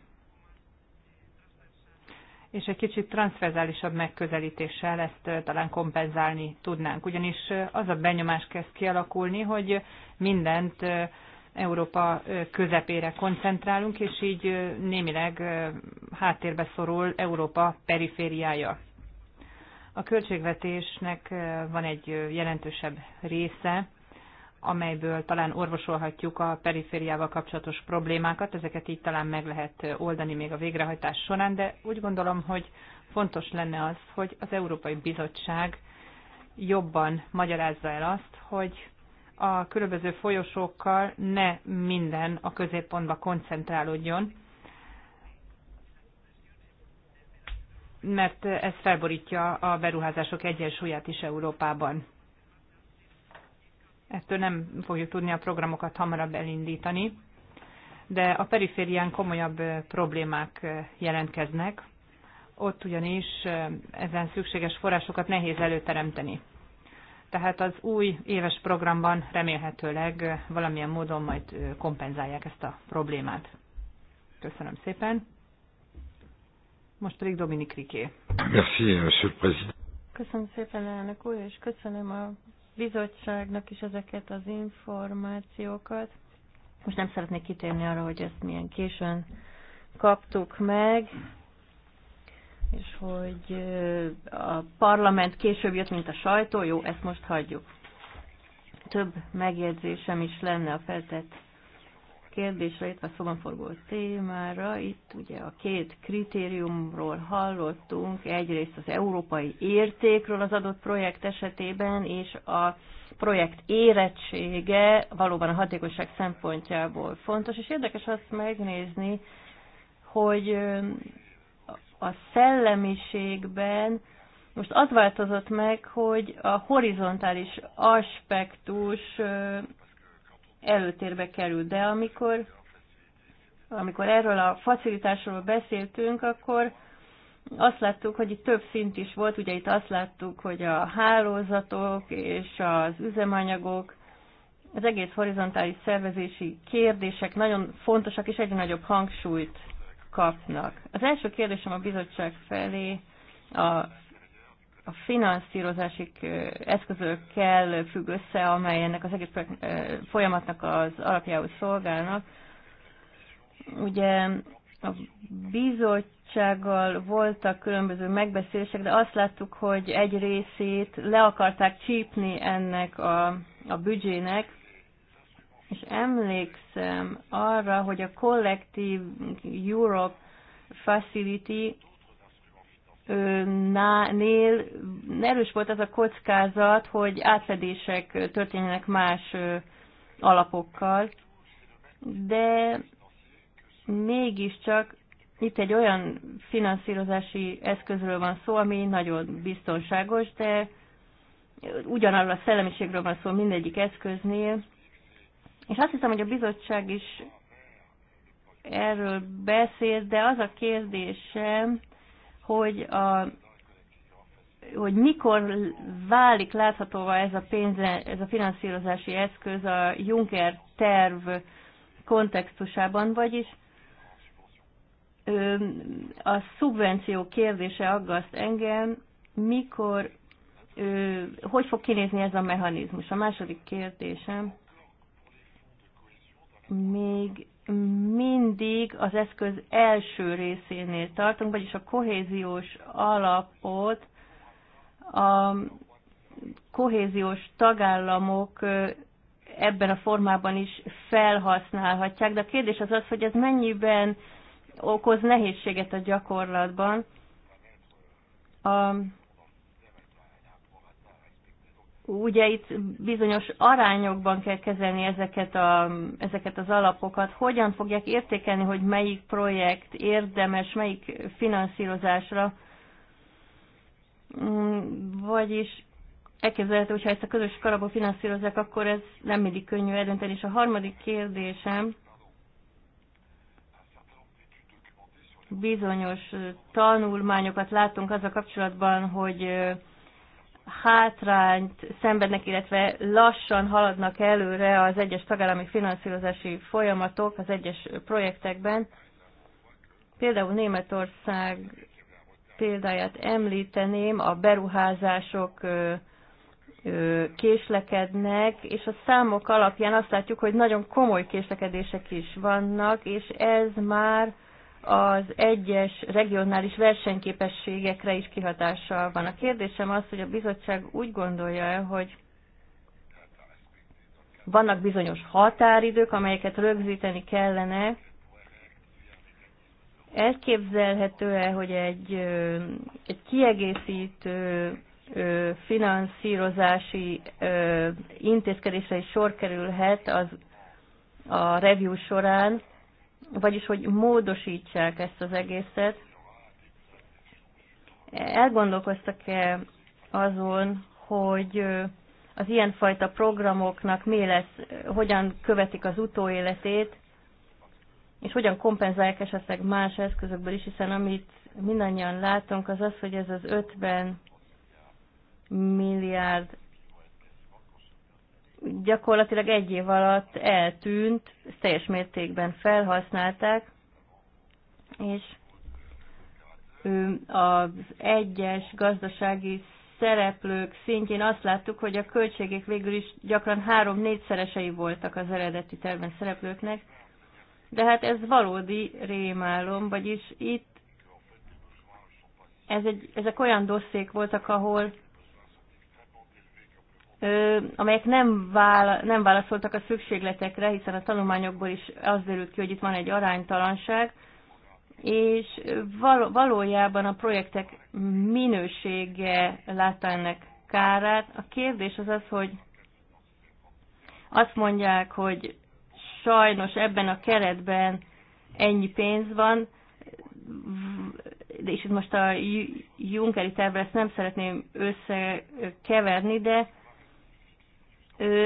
és egy kicsit transzverzálisabb megközelítéssel ezt talán kompenzálni tudnánk. Ugyanis az a benyomás kezd kialakulni, hogy mindent Európa közepére koncentrálunk, és így némileg háttérbe szorul Európa perifériája. A költségvetésnek van egy jelentősebb része, amelyből talán orvosolhatjuk a perifériával kapcsolatos problémákat, ezeket így talán meg lehet oldani még a végrehajtás során, de úgy gondolom, hogy fontos lenne az, hogy az Európai Bizottság jobban magyarázza el azt, hogy a különböző folyosókkal ne minden a középpontba koncentrálódjon, mert ez felborítja a beruházások egyensúlyát is Európában. Ettől nem fogjuk tudni a programokat hamarabb elindítani, de a periférián komolyabb problémák jelentkeznek, ott ugyanis ezen szükséges forrásokat nehéz előteremteni tehát az új éves programban remélhetőleg valamilyen módon majd kompenzálják ezt a problémát. Köszönöm szépen. Most pedig Dominik Riké. Merci, Köszönöm szépen, elnök úr, és köszönöm a bizottságnak is ezeket az információkat. Most nem szeretnék kitérni arra, hogy ezt milyen későn kaptuk meg, és hogy a parlament később jött, mint a sajtó, jó, ezt most hagyjuk. Több megjegyzésem is lenne a feltett kérdésre, itt a szobanforgó témára. Itt ugye a két kritériumról hallottunk, egyrészt az európai értékről az adott projekt esetében, és a projekt érettsége valóban a hatékonyság szempontjából fontos, és érdekes azt megnézni, hogy a szellemiségben most az változott meg, hogy a horizontális aspektus előtérbe került, de amikor, amikor erről a facilitásról beszéltünk, akkor azt láttuk, hogy itt több szint is volt, ugye itt azt láttuk, hogy a hálózatok és az üzemanyagok, az egész horizontális szervezési kérdések nagyon fontosak, és egyre nagyobb hangsúlyt kapnak. Az első kérdésem a bizottság felé a a finanszírozási eszközökkel függ össze, amely ennek az egész folyamatnak az alapjául szolgálnak. Ugye a bizottsággal voltak különböző megbeszélések, de azt láttuk, hogy egy részét le akarták csípni ennek a, a büdzsének, és emlékszem arra, hogy a Collective Europe Facility nél erős volt az a kockázat, hogy átfedések történjenek más alapokkal, de mégiscsak itt egy olyan finanszírozási eszközről van szó, ami nagyon biztonságos, de ugyanarra a szellemiségről van szó mindegyik eszköznél, és azt hiszem, hogy a bizottság is erről beszél, de az a kérdésem, hogy, a, hogy mikor válik láthatóvá ez a, pénze, ez a finanszírozási eszköz a Juncker terv kontextusában, vagyis a szubvenció kérdése aggaszt engem, mikor, hogy fog kinézni ez a mechanizmus. A második kérdésem, még mindig az eszköz első részénél tartunk, vagyis a kohéziós alapot a kohéziós tagállamok ebben a formában is felhasználhatják, de a kérdés az az, hogy ez mennyiben okoz nehézséget a gyakorlatban. A ugye itt bizonyos arányokban kell kezelni ezeket, a, ezeket az alapokat. Hogyan fogják értékelni, hogy melyik projekt érdemes, melyik finanszírozásra? Mm, vagyis elképzelhető, hogyha ezt a közös karabó finanszírozzák, akkor ez nem mindig könnyű eldönteni. És a harmadik kérdésem, bizonyos tanulmányokat látunk az a kapcsolatban, hogy hátrányt szenvednek, illetve lassan haladnak előre az egyes tagállami finanszírozási folyamatok az egyes projektekben. Például Németország példáját említeném, a beruházások késlekednek, és a számok alapján azt látjuk, hogy nagyon komoly késlekedések is vannak, és ez már az egyes regionális versenyképességekre is kihatással van. A kérdésem az, hogy a bizottság úgy gondolja-e, hogy vannak bizonyos határidők, amelyeket rögzíteni kellene. Elképzelhető-e, hogy egy, egy kiegészítő finanszírozási intézkedésre is sor kerülhet az, a review során, vagyis hogy módosítsák ezt az egészet. Elgondolkoztak-e azon, hogy az ilyenfajta programoknak mi lesz, hogyan követik az utóéletét, és hogyan kompenzálják esetleg más eszközökből is, hiszen amit mindannyian látunk, az az, hogy ez az 50 milliárd gyakorlatilag egy év alatt eltűnt, teljes mértékben felhasználták, és az egyes gazdasági szereplők szintjén azt láttuk, hogy a költségek végül is gyakran három-négyszeresei voltak az eredeti terven szereplőknek, de hát ez valódi rémálom, vagyis itt ez egy, ezek olyan dosszék voltak, ahol amelyek nem, vála, nem válaszoltak a szükségletekre, hiszen a tanulmányokból is az derült ki, hogy itt van egy aránytalanság, és val, valójában a projektek minősége látta ennek kárát. A kérdés az az, hogy azt mondják, hogy sajnos ebben a keretben ennyi pénz van, és itt most a Junkeri tervre ezt nem szeretném összekeverni, de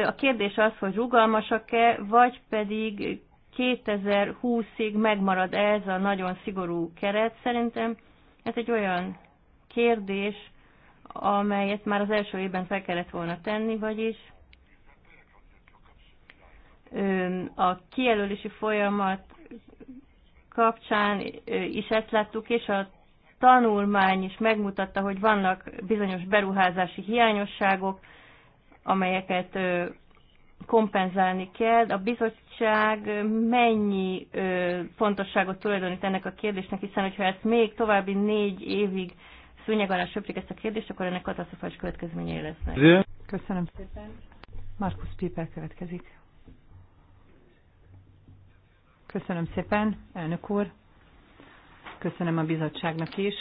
a kérdés az, hogy rugalmasak-e, vagy pedig 2020-ig megmarad ez a nagyon szigorú keret. Szerintem ez egy olyan kérdés, amelyet már az első évben fel kellett volna tenni, vagyis a kijelölési folyamat kapcsán is ezt láttuk, és a tanulmány is megmutatta, hogy vannak bizonyos beruházási hiányosságok, amelyeket kompenzálni kell. A bizottság mennyi fontosságot tulajdonít ennek a kérdésnek, hiszen hogyha ezt még további négy évig szűnyeg alá söprik ezt a kérdést, akkor ennek katasztrofális következményei lesznek. Köszönöm szépen. Markus Piper következik. Köszönöm szépen, elnök úr. Köszönöm a bizottságnak is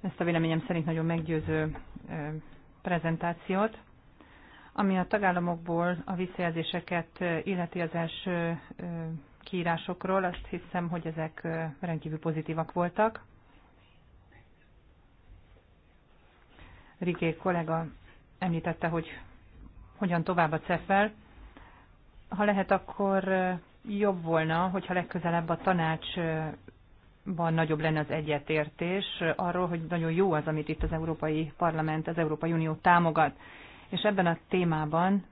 ezt a véleményem szerint nagyon meggyőző prezentációt. Ami a tagállamokból a visszajelzéseket illeti az első kiírásokról, azt hiszem, hogy ezek rendkívül pozitívak voltak. Riké kollega említette, hogy hogyan tovább a CEFEL. Ha lehet, akkor jobb volna, hogyha legközelebb a tanácsban nagyobb lenne az egyetértés arról, hogy nagyon jó az, amit itt az Európai Parlament, az Európai Unió támogat és ebben a témában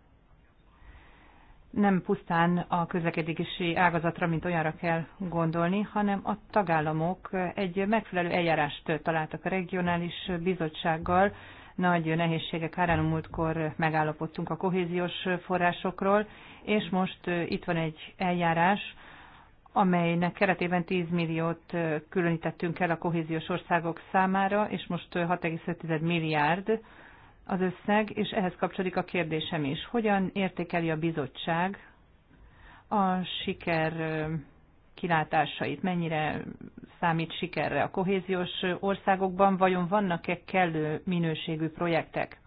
nem pusztán a közlekedési ágazatra, mint olyanra kell gondolni, hanem a tagállamok egy megfelelő eljárást találtak a regionális bizottsággal. Nagy nehézségek árán múltkor megállapodtunk a kohéziós forrásokról, és most itt van egy eljárás, amelynek keretében 10 milliót különítettünk el a kohéziós országok számára, és most 6,5 milliárd az összeg, és ehhez kapcsolódik a kérdésem is. Hogyan értékeli a bizottság a siker kilátásait? Mennyire számít sikerre a kohéziós országokban? Vajon vannak-e kellő minőségű projektek?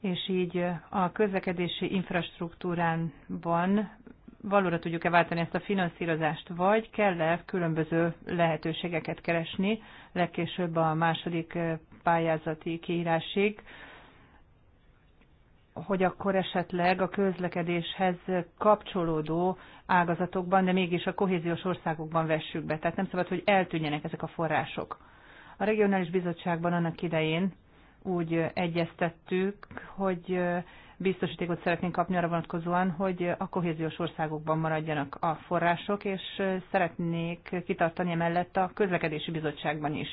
És így a közlekedési infrastruktúránban valóra tudjuk-e váltani ezt a finanszírozást, vagy kell-e különböző lehetőségeket keresni, legkésőbb a második pályázati kiírásig, hogy akkor esetleg a közlekedéshez kapcsolódó ágazatokban, de mégis a kohéziós országokban vessük be. Tehát nem szabad, hogy eltűnjenek ezek a források. A regionális bizottságban annak idején úgy egyeztettük, hogy biztosítékot szeretnénk kapni arra vonatkozóan, hogy a kohéziós országokban maradjanak a források, és szeretnék kitartani emellett a közlekedési bizottságban is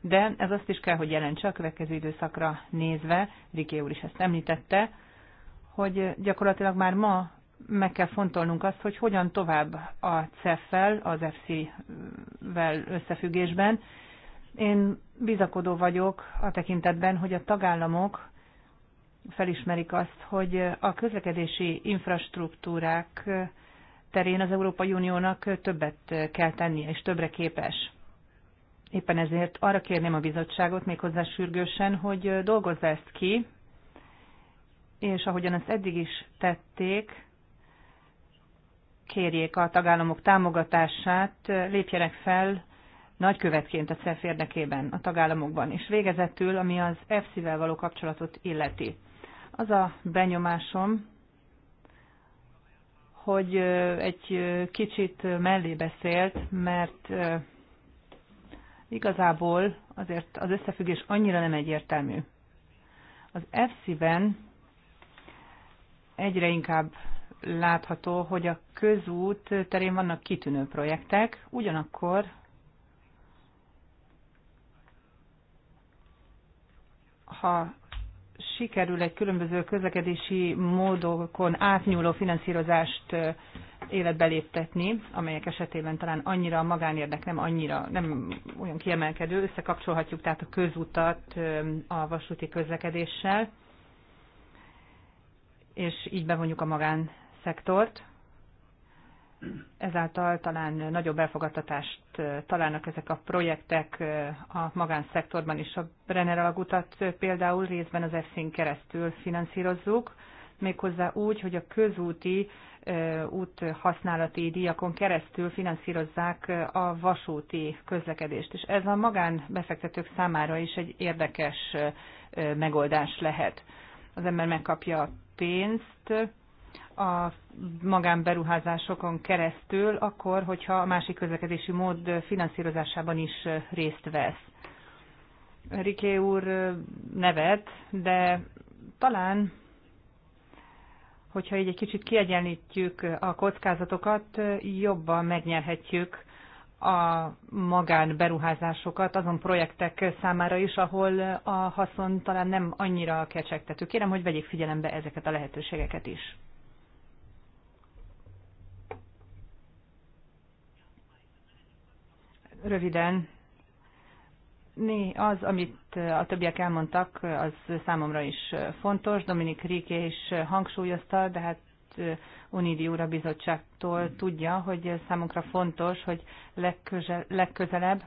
de ez azt is kell, hogy jelentse a következő időszakra nézve, Riké úr is ezt említette, hogy gyakorlatilag már ma meg kell fontolnunk azt, hogy hogyan tovább a CEF-fel, az FC-vel összefüggésben. Én bizakodó vagyok a tekintetben, hogy a tagállamok felismerik azt, hogy a közlekedési infrastruktúrák terén az Európai Uniónak többet kell tennie, és többre képes. Éppen ezért arra kérném a bizottságot méghozzá sürgősen, hogy dolgozza ezt ki, és ahogyan ezt eddig is tették, kérjék a tagállamok támogatását, lépjenek fel nagykövetként a CEF érdekében a tagállamokban, és végezetül, ami az EFSZ-vel való kapcsolatot illeti. Az a benyomásom, hogy egy kicsit mellé beszélt, mert Igazából azért az összefüggés annyira nem egyértelmű. Az FC-ben egyre inkább látható, hogy a közút terén vannak kitűnő projektek, ugyanakkor ha sikerül egy különböző közlekedési módokon átnyúló finanszírozást életbe léptetni, amelyek esetében talán annyira a magánérdek nem annyira, nem olyan kiemelkedő, összekapcsolhatjuk tehát a közutat a vasúti közlekedéssel, és így bevonjuk a magánszektort. Ezáltal talán nagyobb elfogadtatást találnak ezek a projektek a magánszektorban is. A Brenner alagutat például részben az EFSZ-n keresztül finanszírozzuk, méghozzá úgy, hogy a közúti út használati díjakon keresztül finanszírozzák a vasúti közlekedést. És ez a magánbefektetők számára is egy érdekes megoldás lehet. Az ember megkapja a pénzt a magánberuházásokon keresztül, akkor, hogyha a másik közlekedési mód finanszírozásában is részt vesz. Riké úr nevet, de talán hogyha így egy kicsit kiegyenlítjük a kockázatokat, jobban megnyerhetjük a magánberuházásokat azon projektek számára is, ahol a haszon talán nem annyira kecsegtető. Kérem, hogy vegyék figyelembe ezeket a lehetőségeket is. Röviden né, az, amit a többiek elmondtak, az számomra is fontos. Dominik Ríke is hangsúlyozta, de hát Unidi úr a bizottságtól tudja, hogy számunkra fontos, hogy legközelebb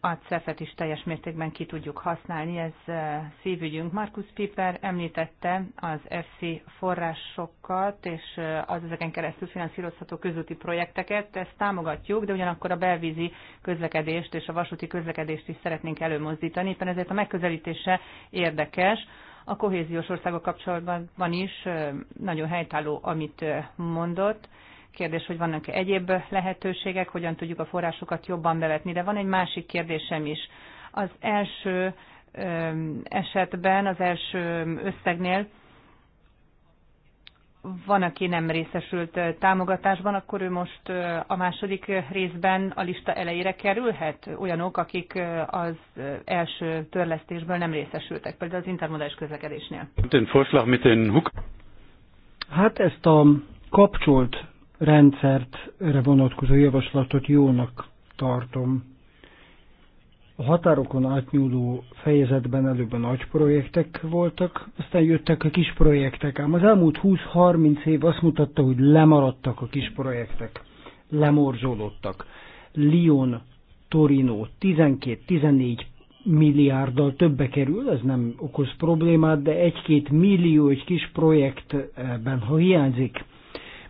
a CEF-et is teljes mértékben ki tudjuk használni, ez eh, szívügyünk. Markus Piper említette az FC forrásokat és eh, az ezeken keresztül finanszírozható közúti projekteket, ezt támogatjuk, de ugyanakkor a belvízi közlekedést és a vasúti közlekedést is szeretnénk előmozdítani, éppen ezért a megközelítése érdekes. A kohéziós országok kapcsolatban van is eh, nagyon helytálló, amit mondott kérdés, hogy vannak egyéb lehetőségek, hogyan tudjuk a forrásokat jobban bevetni, de van egy másik kérdésem is. Az első esetben, az első összegnél van, aki nem részesült támogatásban, akkor ő most a második részben a lista elejére kerülhet? Olyanok, akik az első törlesztésből nem részesültek, például az intermodális közlekedésnél. Hát ezt a kapcsolt rendszert vonatkozó javaslatot jónak tartom. A határokon átnyúló fejezetben előbb a nagy projektek voltak, aztán jöttek a kis projektek. Ám az elmúlt 20-30 év azt mutatta, hogy lemaradtak a kis projektek, lemorzsolódtak. Lyon, Torino 12-14 milliárddal többe kerül, ez nem okoz problémát, de egy-két millió egy kis projektben, ha hiányzik,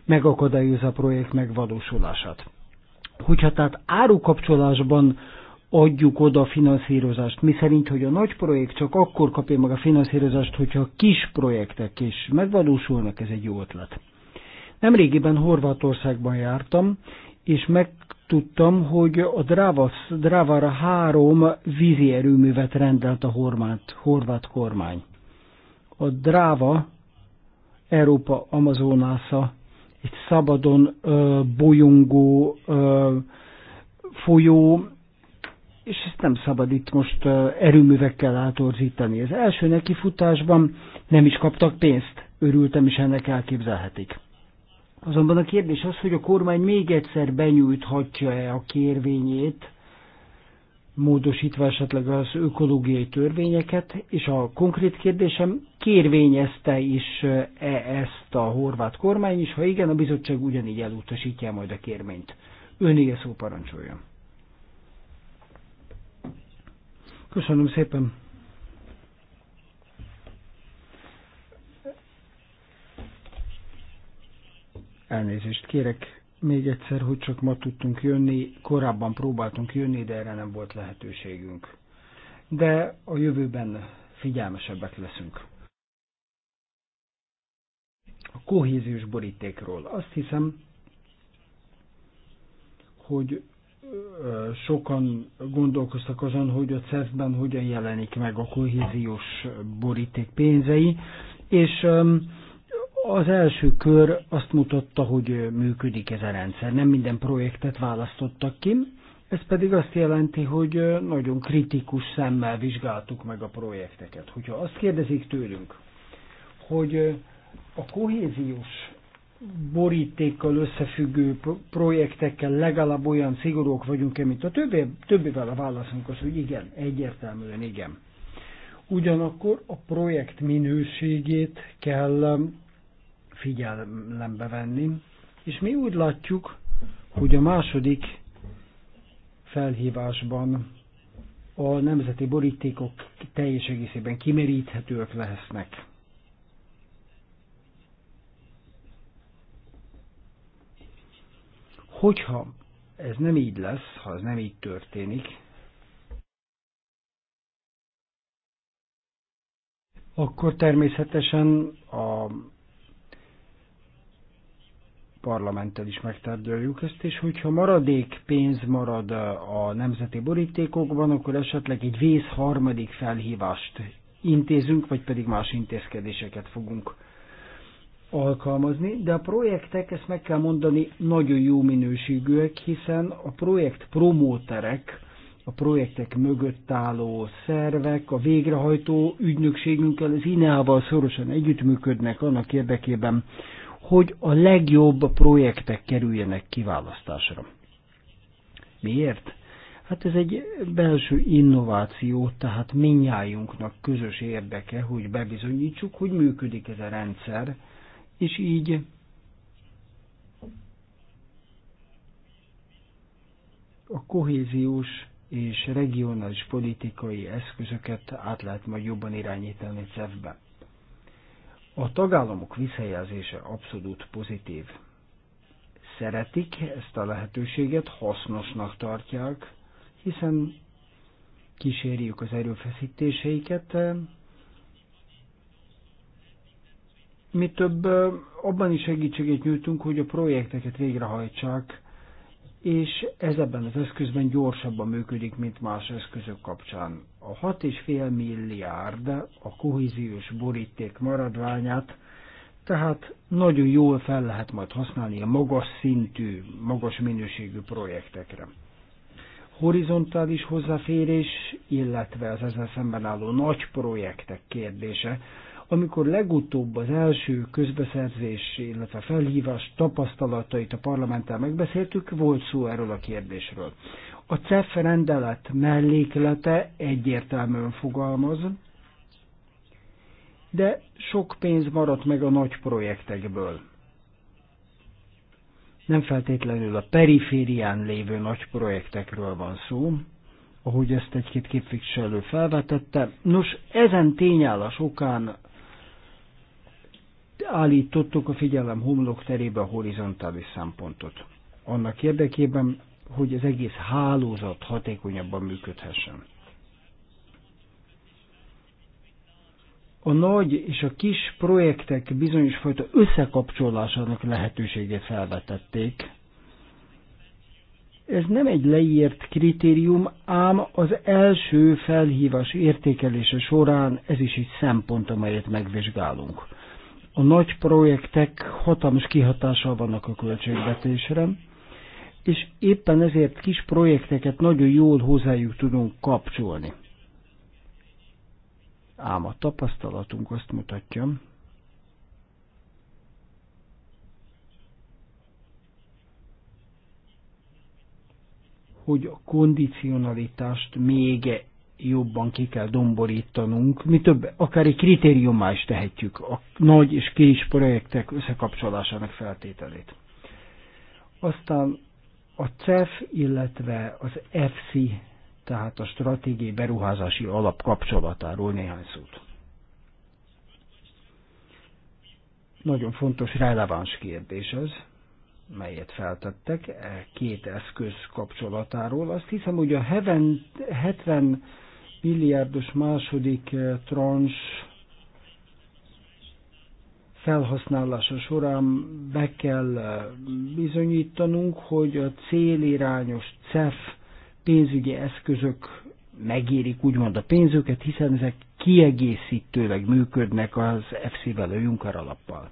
megakadályoz a projekt megvalósulását. Hogyha tehát árukapcsolásban adjuk oda a finanszírozást, mi szerint, hogy a nagy projekt csak akkor kapja meg a finanszírozást, hogyha a kis projektek is megvalósulnak, ez egy jó ötlet. Nemrégiben Horvátországban jártam, és megtudtam, hogy a Drávasz, Drávára három vízi erőművet rendelt a horvát, horvát kormány. A Dráva Európa Amazonásza egy szabadon ö, bolyongó ö, folyó, és ezt nem szabad itt most ö, erőművekkel átorzítani. Az első nekifutásban nem is kaptak pénzt, örültem is ennek elképzelhetik. Azonban a kérdés az, hogy a kormány még egyszer benyújthatja-e a kérvényét, módosítva esetleg az ökológiai törvényeket, és a konkrét kérdésem, kérvényezte is -e ezt a horvát kormány is, ha igen, a bizottság ugyanígy elutasítja majd a kérvényt. Önége szó parancsolja. Köszönöm szépen. Elnézést kérek, még egyszer, hogy csak ma tudtunk jönni, korábban próbáltunk jönni, de erre nem volt lehetőségünk. De a jövőben figyelmesebbek leszünk. A kohéziós borítékról. Azt hiszem, hogy sokan gondolkoztak azon, hogy a cef hogyan jelenik meg a kohéziós boríték pénzei, és um, az első kör azt mutatta, hogy működik ez a rendszer. Nem minden projektet választottak ki, ez pedig azt jelenti, hogy nagyon kritikus szemmel vizsgáltuk meg a projekteket. Hogyha azt kérdezik tőlünk, hogy a kohéziós borítékkal összefüggő projektekkel legalább olyan szigorúak vagyunk-e, mint a többi, többivel a válaszunk az, hogy igen, egyértelműen igen. Ugyanakkor a projekt minőségét kell figyelembe venni, és mi úgy látjuk, hogy a második felhívásban a nemzeti borítékok teljes egészében kimeríthetőek lesznek. Hogyha ez nem így lesz, ha ez nem így történik, akkor természetesen a parlamenttel is megtárgyaljuk ezt, és hogyha maradék pénz marad a nemzeti borítékokban, akkor esetleg egy vész harmadik felhívást intézünk, vagy pedig más intézkedéseket fogunk alkalmazni, de a projektek, ezt meg kell mondani, nagyon jó minőségűek, hiszen a projekt promóterek, a projektek mögött álló szervek, a végrehajtó ügynökségünkkel, az INEA-val szorosan együttműködnek annak érdekében, hogy a legjobb projektek kerüljenek kiválasztásra. Miért? Hát ez egy belső innováció, tehát minnyájunknak közös érdeke, hogy bebizonyítsuk, hogy működik ez a rendszer, és így a kohéziós és regionális politikai eszközöket át lehet majd jobban irányítani cef ben a tagállamok visszajelzése abszolút pozitív. Szeretik ezt a lehetőséget, hasznosnak tartják, hiszen kísérjük az erőfeszítéseiket. Mi több abban is segítséget nyújtunk, hogy a projekteket végrehajtsák, és ez ebben az eszközben gyorsabban működik, mint más eszközök kapcsán. A 6,5 milliárd a kohéziós boríték maradványát, tehát nagyon jól fel lehet majd használni a magas szintű, magas minőségű projektekre. Horizontális hozzáférés, illetve az ezzel szemben álló nagy projektek kérdése, amikor legutóbb az első közbeszerzés, illetve felhívás tapasztalatait a parlamenttel megbeszéltük, volt szó erről a kérdésről. A CEF rendelet melléklete egyértelműen fogalmaz, de sok pénz maradt meg a nagy projektekből. Nem feltétlenül a periférián lévő nagy projektekről van szó, ahogy ezt egy-két képviselő felvetette. Nos, ezen tényállás okán állítottuk a figyelem homlok terébe a horizontális szempontot. Annak érdekében, hogy az egész hálózat hatékonyabban működhessen. A nagy és a kis projektek bizonyos fajta összekapcsolásának lehetőségét felvetették. Ez nem egy leírt kritérium, ám az első felhívás értékelése során ez is egy szempont, amelyet megvizsgálunk a nagy projektek hatalmas kihatással vannak a költségvetésre, és éppen ezért kis projekteket nagyon jól hozzájuk tudunk kapcsolni. Ám a tapasztalatunk azt mutatja, hogy a kondicionalitást még jobban ki kell domborítanunk, mi több, akár egy kritériummá is tehetjük a nagy és kis projektek összekapcsolásának feltételét. Aztán a CEF, illetve az EFSI, tehát a stratégiai beruházási alap kapcsolatáról néhány szót. Nagyon fontos, releváns kérdés ez, melyet feltettek, e két eszköz kapcsolatáról. Azt hiszem, hogy a 70 milliárdos második eh, trans felhasználása során be kell eh, bizonyítanunk, hogy a célirányos CEF pénzügyi eszközök megérik úgymond a pénzüket, hiszen ezek kiegészítőleg működnek az FC-vel, a Juncker alappal.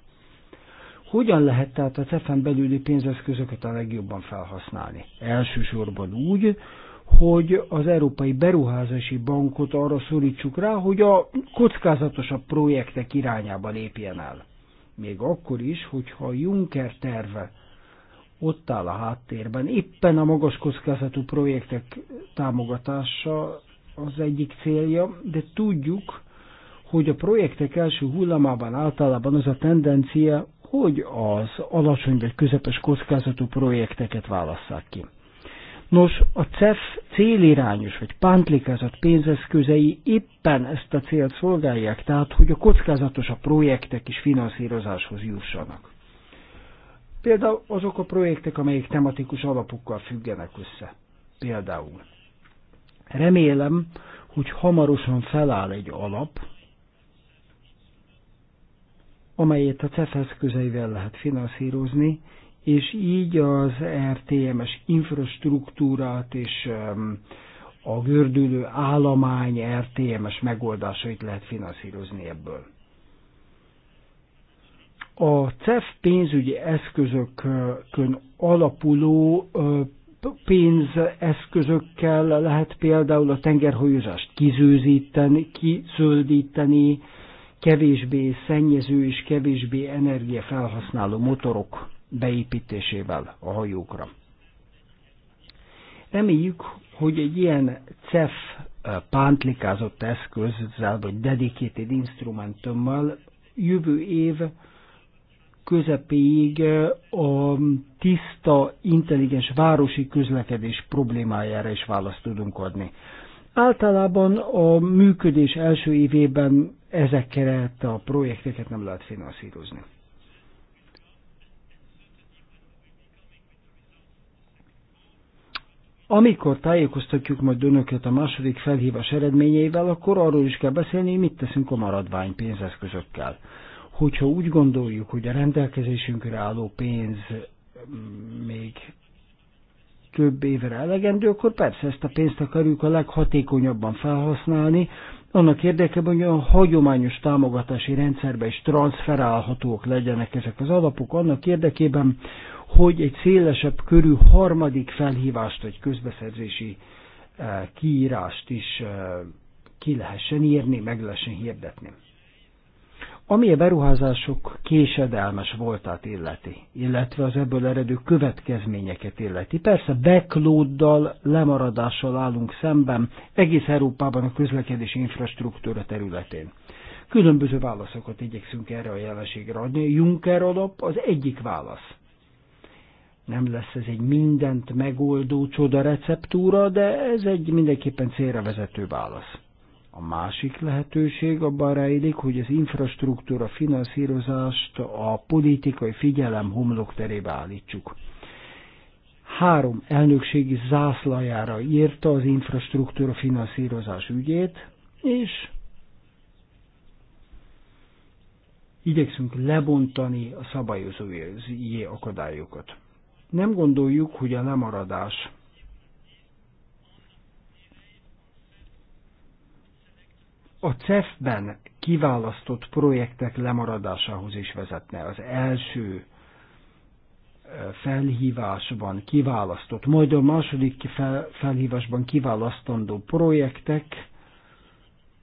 Hogyan lehet tehát a CEF-en belüli pénzeszközöket a legjobban felhasználni? Elsősorban úgy, hogy az Európai Beruházási Bankot arra szorítsuk rá, hogy a kockázatosabb projektek irányába lépjen el. Még akkor is, hogyha a Juncker terve ott áll a háttérben, éppen a magas kockázatú projektek támogatása az egyik célja, de tudjuk, hogy a projektek első hullámában általában az a tendencia, hogy az alacsony vagy közepes kockázatú projekteket válasszák ki. Nos, a CEF célirányos vagy pántlikázat pénzeszközei éppen ezt a célt szolgálják, tehát hogy a a projektek is finanszírozáshoz jussanak. Például azok a projektek, amelyek tematikus alapokkal függenek össze. Például. Remélem, hogy hamarosan feláll egy alap, amelyet a CEF eszközeivel lehet finanszírozni, és így az RTMS infrastruktúrát és a gördülő állomány RTMS megoldásait lehet finanszírozni ebből. A CEF pénzügyi eszközökön alapuló pénzeszközökkel lehet például a tengerhajózást kizőzíteni, kizöldíteni, kevésbé szennyező és kevésbé energiafelhasználó motorok beépítésével a hajókra. Reméljük, hogy egy ilyen CEF eh, pántlikázott eszközzel, vagy dedicated instrumentummal jövő év közepéig eh, a tiszta, intelligens városi közlekedés problémájára is választ tudunk adni. Általában a működés első évében ezekkel a projekteket nem lehet finanszírozni. Amikor tájékoztatjuk majd önöket a második felhívás eredményeivel, akkor arról is kell beszélni, hogy mit teszünk a maradvány pénzeszközökkel. Hogyha úgy gondoljuk, hogy a rendelkezésünkre álló pénz mm, még több évre elegendő, akkor persze ezt a pénzt akarjuk a leghatékonyabban felhasználni, annak érdekében, hogy a hagyományos támogatási rendszerbe is transferálhatók legyenek ezek az alapok, annak érdekében, hogy egy szélesebb körű harmadik felhívást vagy közbeszerzési eh, kiírást is eh, ki lehessen írni, meg lehessen hirdetni. Ami a beruházások késedelmes voltát illeti, illetve az ebből eredő következményeket illeti. Persze backloaddal, lemaradással állunk szemben egész Európában a közlekedési infrastruktúra területén. Különböző válaszokat igyekszünk erre a jelenségre adni. Juncker alap az egyik válasz. Nem lesz ez egy mindent megoldó csoda receptúra, de ez egy mindenképpen célra vezető válasz. A másik lehetőség abban rejlik, hogy az infrastruktúra finanszírozást a politikai figyelem homlokterébe állítsuk. Három elnökségi zászlajára írta az infrastruktúra finanszírozás ügyét, és igyekszünk lebontani a szabályozói akadályokat. Nem gondoljuk, hogy a lemaradás a CEF-ben kiválasztott projektek lemaradásához is vezetne. Az első e, felhívásban kiválasztott, majd a második felhívásban kiválasztandó projektek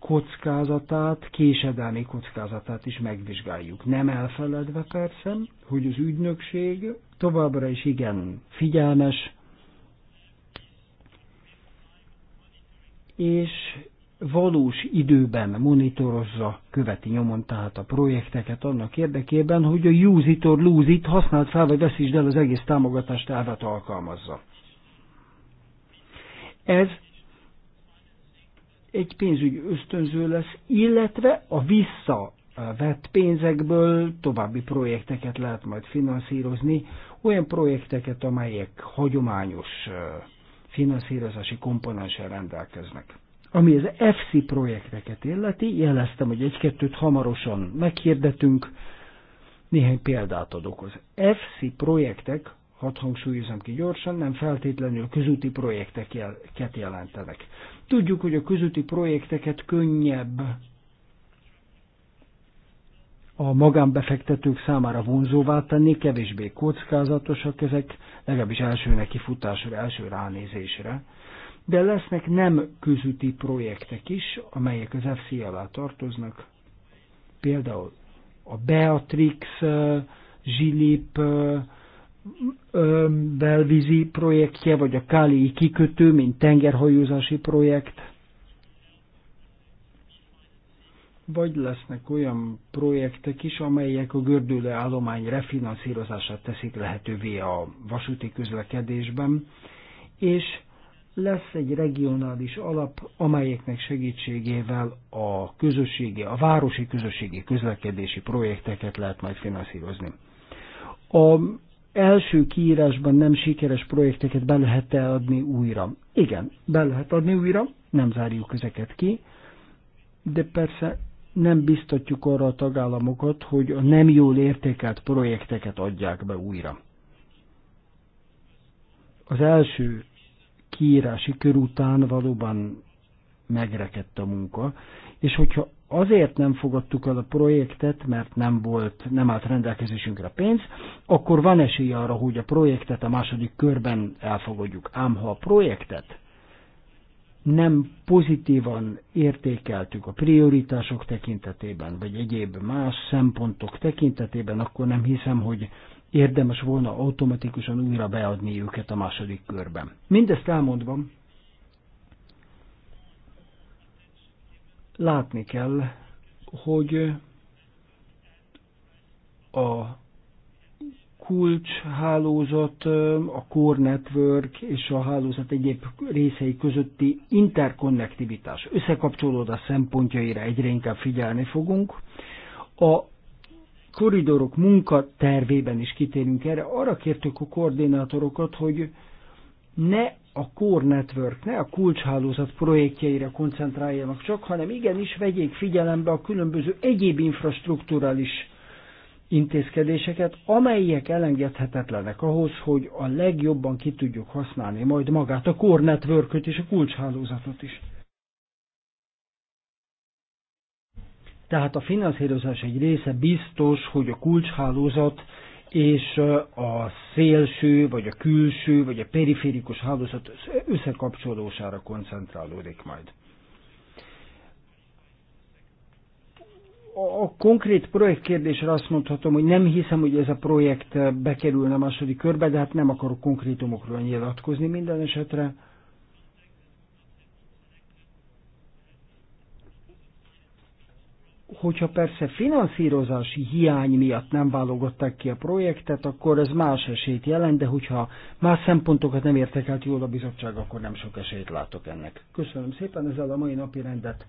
kockázatát, késedelmi kockázatát is megvizsgáljuk. Nem elfeledve persze, hogy az ügynökség továbbra is igen figyelmes, és valós időben monitorozza, követi nyomon tehát a projekteket annak érdekében, hogy a use it or lose it használt fel vagy veszítsd el az egész támogatást elvet alkalmazza. Ez egy pénzügyi ösztönző lesz, illetve a visszavett pénzekből további projekteket lehet majd finanszírozni, olyan projekteket, amelyek hagyományos finanszírozási komponenssel rendelkeznek. Ami az FC projekteket illeti, jeleztem, hogy egy-kettőt hamarosan meghirdetünk, néhány példát adok. Az FC projektek, hadd hangsúlyozom ki gyorsan, nem feltétlenül közúti projekteket jelentenek. Tudjuk, hogy a közúti projekteket könnyebb a magánbefektetők számára vonzóvá tenni, kevésbé kockázatosak ezek, legalábbis első nekifutásra, első ránézésre. De lesznek nem közúti projektek is, amelyek az FC alá tartoznak. Például a Beatrix, eh, Zsilip, eh, belvízi projektje, vagy a Káliai kikötő, mint tengerhajózási projekt, vagy lesznek olyan projektek is, amelyek a gördülő állomány refinanszírozását teszik lehetővé a vasúti közlekedésben, és lesz egy regionális alap, amelyeknek segítségével a közösségi, a városi közösségi közlekedési projekteket lehet majd finanszírozni. A első kiírásban nem sikeres projekteket be lehet -e adni újra? Igen, be lehet adni újra, nem zárjuk ezeket ki, de persze nem biztatjuk arra a tagállamokat, hogy a nem jól értékelt projekteket adják be újra. Az első kiírási kör után valóban megrekedt a munka, és hogyha azért nem fogadtuk el a projektet, mert nem volt, nem állt rendelkezésünkre pénz, akkor van esély arra, hogy a projektet a második körben elfogadjuk. Ám ha a projektet nem pozitívan értékeltük a prioritások tekintetében, vagy egyéb más szempontok tekintetében, akkor nem hiszem, hogy érdemes volna automatikusan újra beadni őket a második körben. Mindezt elmondva, Látni kell, hogy a kulcshálózat, a core network és a hálózat egyéb részei közötti interkonnektivitás, összekapcsolódás szempontjaira egyre inkább figyelni fogunk. A koridorok munkatervében is kitérünk erre. Arra kértük a koordinátorokat, hogy ne a Core Network, ne a kulcshálózat projektjeire koncentráljanak csak, hanem igenis vegyék figyelembe a különböző egyéb infrastruktúrális intézkedéseket, amelyek elengedhetetlenek ahhoz, hogy a legjobban ki tudjuk használni majd magát a Core network és a kulcshálózatot is. Tehát a finanszírozás egy része biztos, hogy a kulcshálózat és a szélső, vagy a külső, vagy a periférikus hálózat összekapcsolódására koncentrálódik majd. a konkrét projektkérdésre azt mondhatom, hogy nem hiszem, hogy ez a projekt bekerülne a második körbe, de hát nem akarok konkrétumokról nyilatkozni minden esetre. hogyha persze finanszírozási hiány miatt nem válogatták ki a projektet, akkor ez más esélyt jelent, de hogyha más szempontokat nem át jól a bizottság, akkor nem sok esélyt látok ennek. Köszönöm szépen, ezzel a mai napi rendet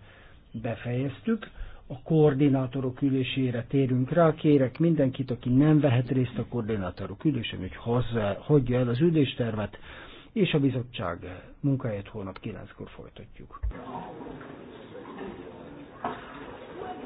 befejeztük. A koordinátorok ülésére térünk rá. Kérek mindenkit, aki nem vehet részt a koordinátorok ülésen, hogy hozzá, hagyja el az üléstervet, és a bizottság munkáját holnap 9-kor folytatjuk.